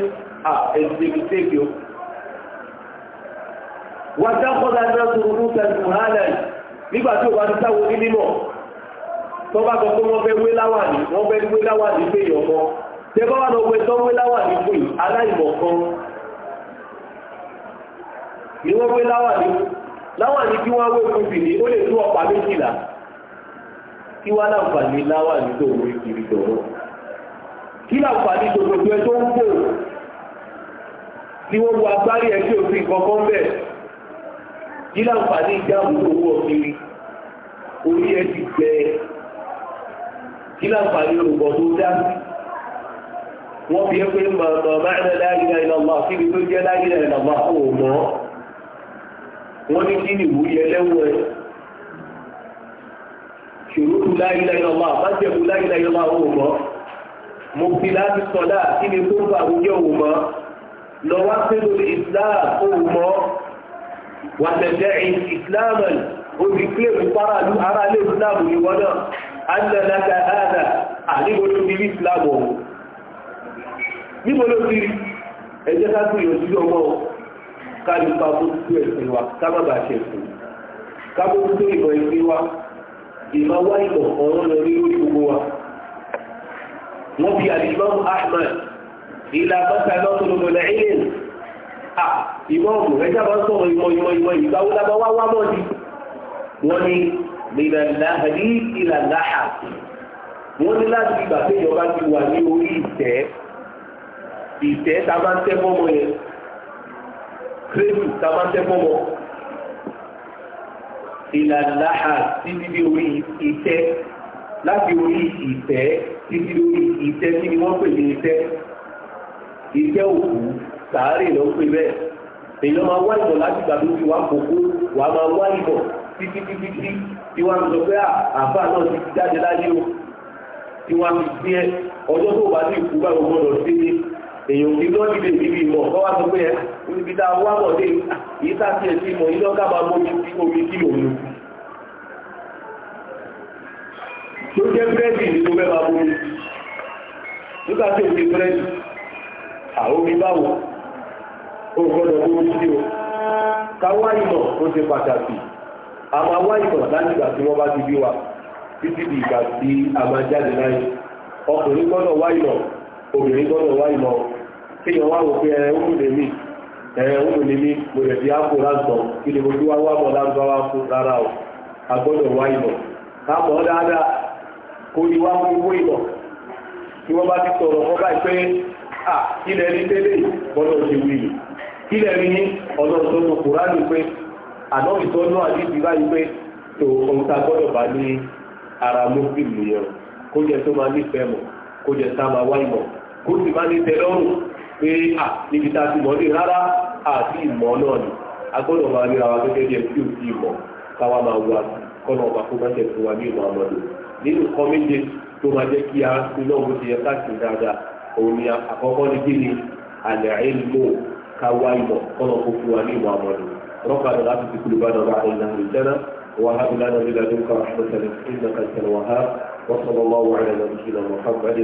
à ẹ̀sìn o. wà á dákọ́lá náà tó rúrú kẹsì mùhálà yìí nígbà tí òun bá ti sáwọ́ ní mímọ̀ tó bá sọ pé wọ́n fẹ́ wé láwà ní wọ́n fẹ́ wé láwà ní pé ìyọ̀mọ́ tẹ́ bá wà ni wọ́n gbé láwàní láwàní kí wọ́n wé kúbì ní ó lè tú ọ̀pá méjìlá kí wọ́n láǹfààní láwàní tó wé kiri dọ̀rọ̀ kí láǹfààní tó gbogbo ẹ tó ń gbò tí wọ́n wo agbárí ẹ tí kankan bẹ́ẹ̀ kí láǹfààní ìjáàmù tó wọ̀ orí ẹ ti gbẹ kí láǹfààní olùkọ́ tó dá wọ́n fi ẹ́ pé màmá máa láyé láyé lọ́mọ́ àti ibi tó jẹ́ láyé láyé lọ́mọ́ àwọn ò wọ́n ní kí ni ìwúrí ẹlẹ́wọ̀ ẹ̀ ṣòro láìláìlọ́mà bá jẹ́kù láìláìlọ́mà òun mọ́ mo fi láti sọ́lá kí ni tó bá oúnjẹ òun mọ́ lọ wá pẹ̀lú islam òun mọ́ wà tẹ̀jẹ́ islam olùkílẹ̀ ìpáràlú ara lè islam ní wọ́n náà annalaka hada àníwòlò ti rí islam ọ̀hún níbo ló ti ẹjẹ́ ká gbìyànjú ọmọ ọ̀hún kárí pa bókú ẹ̀sìn wa kábàbà ṣẹ̀sìn kábókú tó ìmọ̀ ẹ̀sìn wa ìmọ̀ wá ìmọ̀ ọ̀rọ̀ lọ ní lórí gbogbo wa wọ́n fi àdìmọ́mù Ahmad ìlà bàtà lọ́tọ̀lọ́tọ̀ lẹ́yìn ìmọ̀ọ̀mù ẹjá bá sọ̀rọ̀ ìmọ̀ ìmọ̀ ìmọ̀ ìgbàwó lábá wá wá mọ́ ni wọ́n ní mìlàláhàdí ìlàláhà wọ́n ní láti ìgbà péjọba ti wà ní orí ìtẹ́ ìtẹ́ tá bá ń tẹ́ mọ́mọ́ yẹn kírébù tá a máa ń tẹ́ fọ́mọ ìlàláhà títí dé orí ìtẹ́ láti orí ìtẹ́ títí dé orí ìtẹ́ kí ni wọ́n pè ní ìtẹ́ ìtẹ́ òkú sàárè ló pè bẹ́ẹ̀ èèyàn máa wá ìmọ̀ láti gbàdúrà tí wàá kókó wàá máa wá ìmọ̀ títí títí tí tí wàá sọ pé àbá náà ti jáde láyé o tí wàá fi gbé ọjọ́ tó bá ní ìkú báyìí ó gbọ́dọ̀ sí ní èyàn ti lọ níbi ìbíbi ìmọ̀ kọ́ wá sọ pé ẹ níbi tá a wá bọ̀ dé yìí tá tiẹ̀ sí ìmọ̀ yìí lọ́ka máa bójú sí omi kí lòun lò. tó jẹ́ búrẹ́dì ní tó mẹ́ta bójú nígbà tí o ti búrẹ́dì àwọn omi báwo o gbọ́dọ̀ bójú sí o ká wá ìmọ̀ ó ṣe pàtàkì a máa wá ìmọ̀ láti ìgbà tí wọ́n bá ti bí wa títí di ìgbà tí a máa jáde láyé ọkùnrin gbọ́dọ̀ wá ìmọ̀ obìnrin gbọ́dọ̀ wá ìmọ̀ kéèyàn wá wò pé ẹ ó lè mí ẹ ó lè mí mo lè fi ápò láǹtọ kí ni mo fi wá wá mọ a gbọ́dọ̀ wá ìmọ̀ ká mọ̀ dáadáa kó ní wá fún owó ìmọ̀ tí wọ́n bá ti sọ̀rọ̀ kọ́ báyìí pé à ilẹ̀ ní tẹ́lẹ̀ gbọ́dọ̀ ṣe wí ni ilẹ̀ ní ọ̀nà ìtọ́nù kùránì pé àná ìtọ́nù àdìsí báyìí pé tó ohun tá a gbọ́dọ̀ bá ní ara mọ́fìlì yẹn kó jẹ tó máa nífẹ̀ẹ́ mọ̀ kó jẹ pé à níbi tá a ti mọ̀ ní rárá àti ìmọ̀ náà ni a gbọ́dọ̀ máa ríra wa gẹ́gẹ́ bí ẹni tí ò sí ìmọ̀ káwa máa wá kọ́nà ọba kó bá fún wa ní ìmọ̀ àmọ́dù nínú nǹkan méje tó máa jẹ́ kí a iná òun ti yẹ káàkiri dáadáa òun ni àkọ́kọ́ ní kí ni àlẹ́ ìlú káwa ìmọ̀ kọ́nà kó fún wa ní ìmọ̀ àmọ́dù ربنا لا تزغ قلوبنا بعد إذ هديتنا وهب إنك أنت الوهاب وصلى الله على نبينا محمد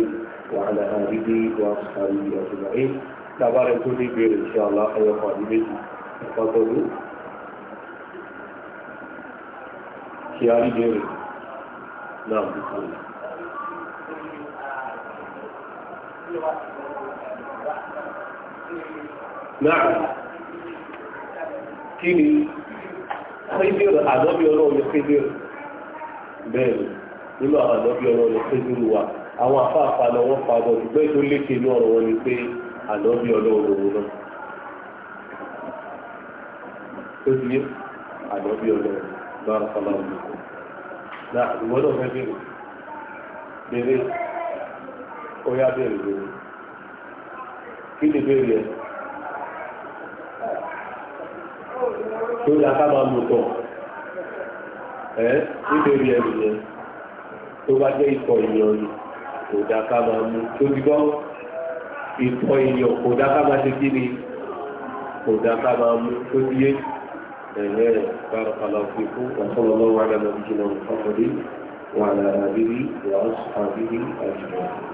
وعلى آله وأصحابه أجمعين تبارك لي بير إن شاء الله أيها الحبيبين تفضلوا خياري بير نعم بسم الله نعم كيني خيبر عذاب يرون خيبر بل لما عذاب يرون خيبر واحد àwọn afáàfà náà wọ́n fa bọ̀ ṣùgbọ́n ètò lékè ní ọ̀rọ̀ wọn ni pé ànábì ọlọ́run òun náà ó ti ànábì ọlọ́run bára fọlá òun kò náà ìwọ náà fẹ́ bèrè bèrè ó bèrè bèrè kí ni bèrè yẹn tó yà ká máa tọ̀ ẹ́ yẹn nìyẹn tó bá jẹ́ ikọ̀ kò dá ká máa mú tó ti gbọ́ ìtọ̀ èèyàn kò máa ṣe kí ni kò máa mú tó yé ẹ̀yẹ bárakàlà òfin fún ọ̀sọ́lọ́ lọ́wọ́ àdàlọ́ ìjìnà wà lára bíbí wà á sọ àbíbí àjùmọ̀.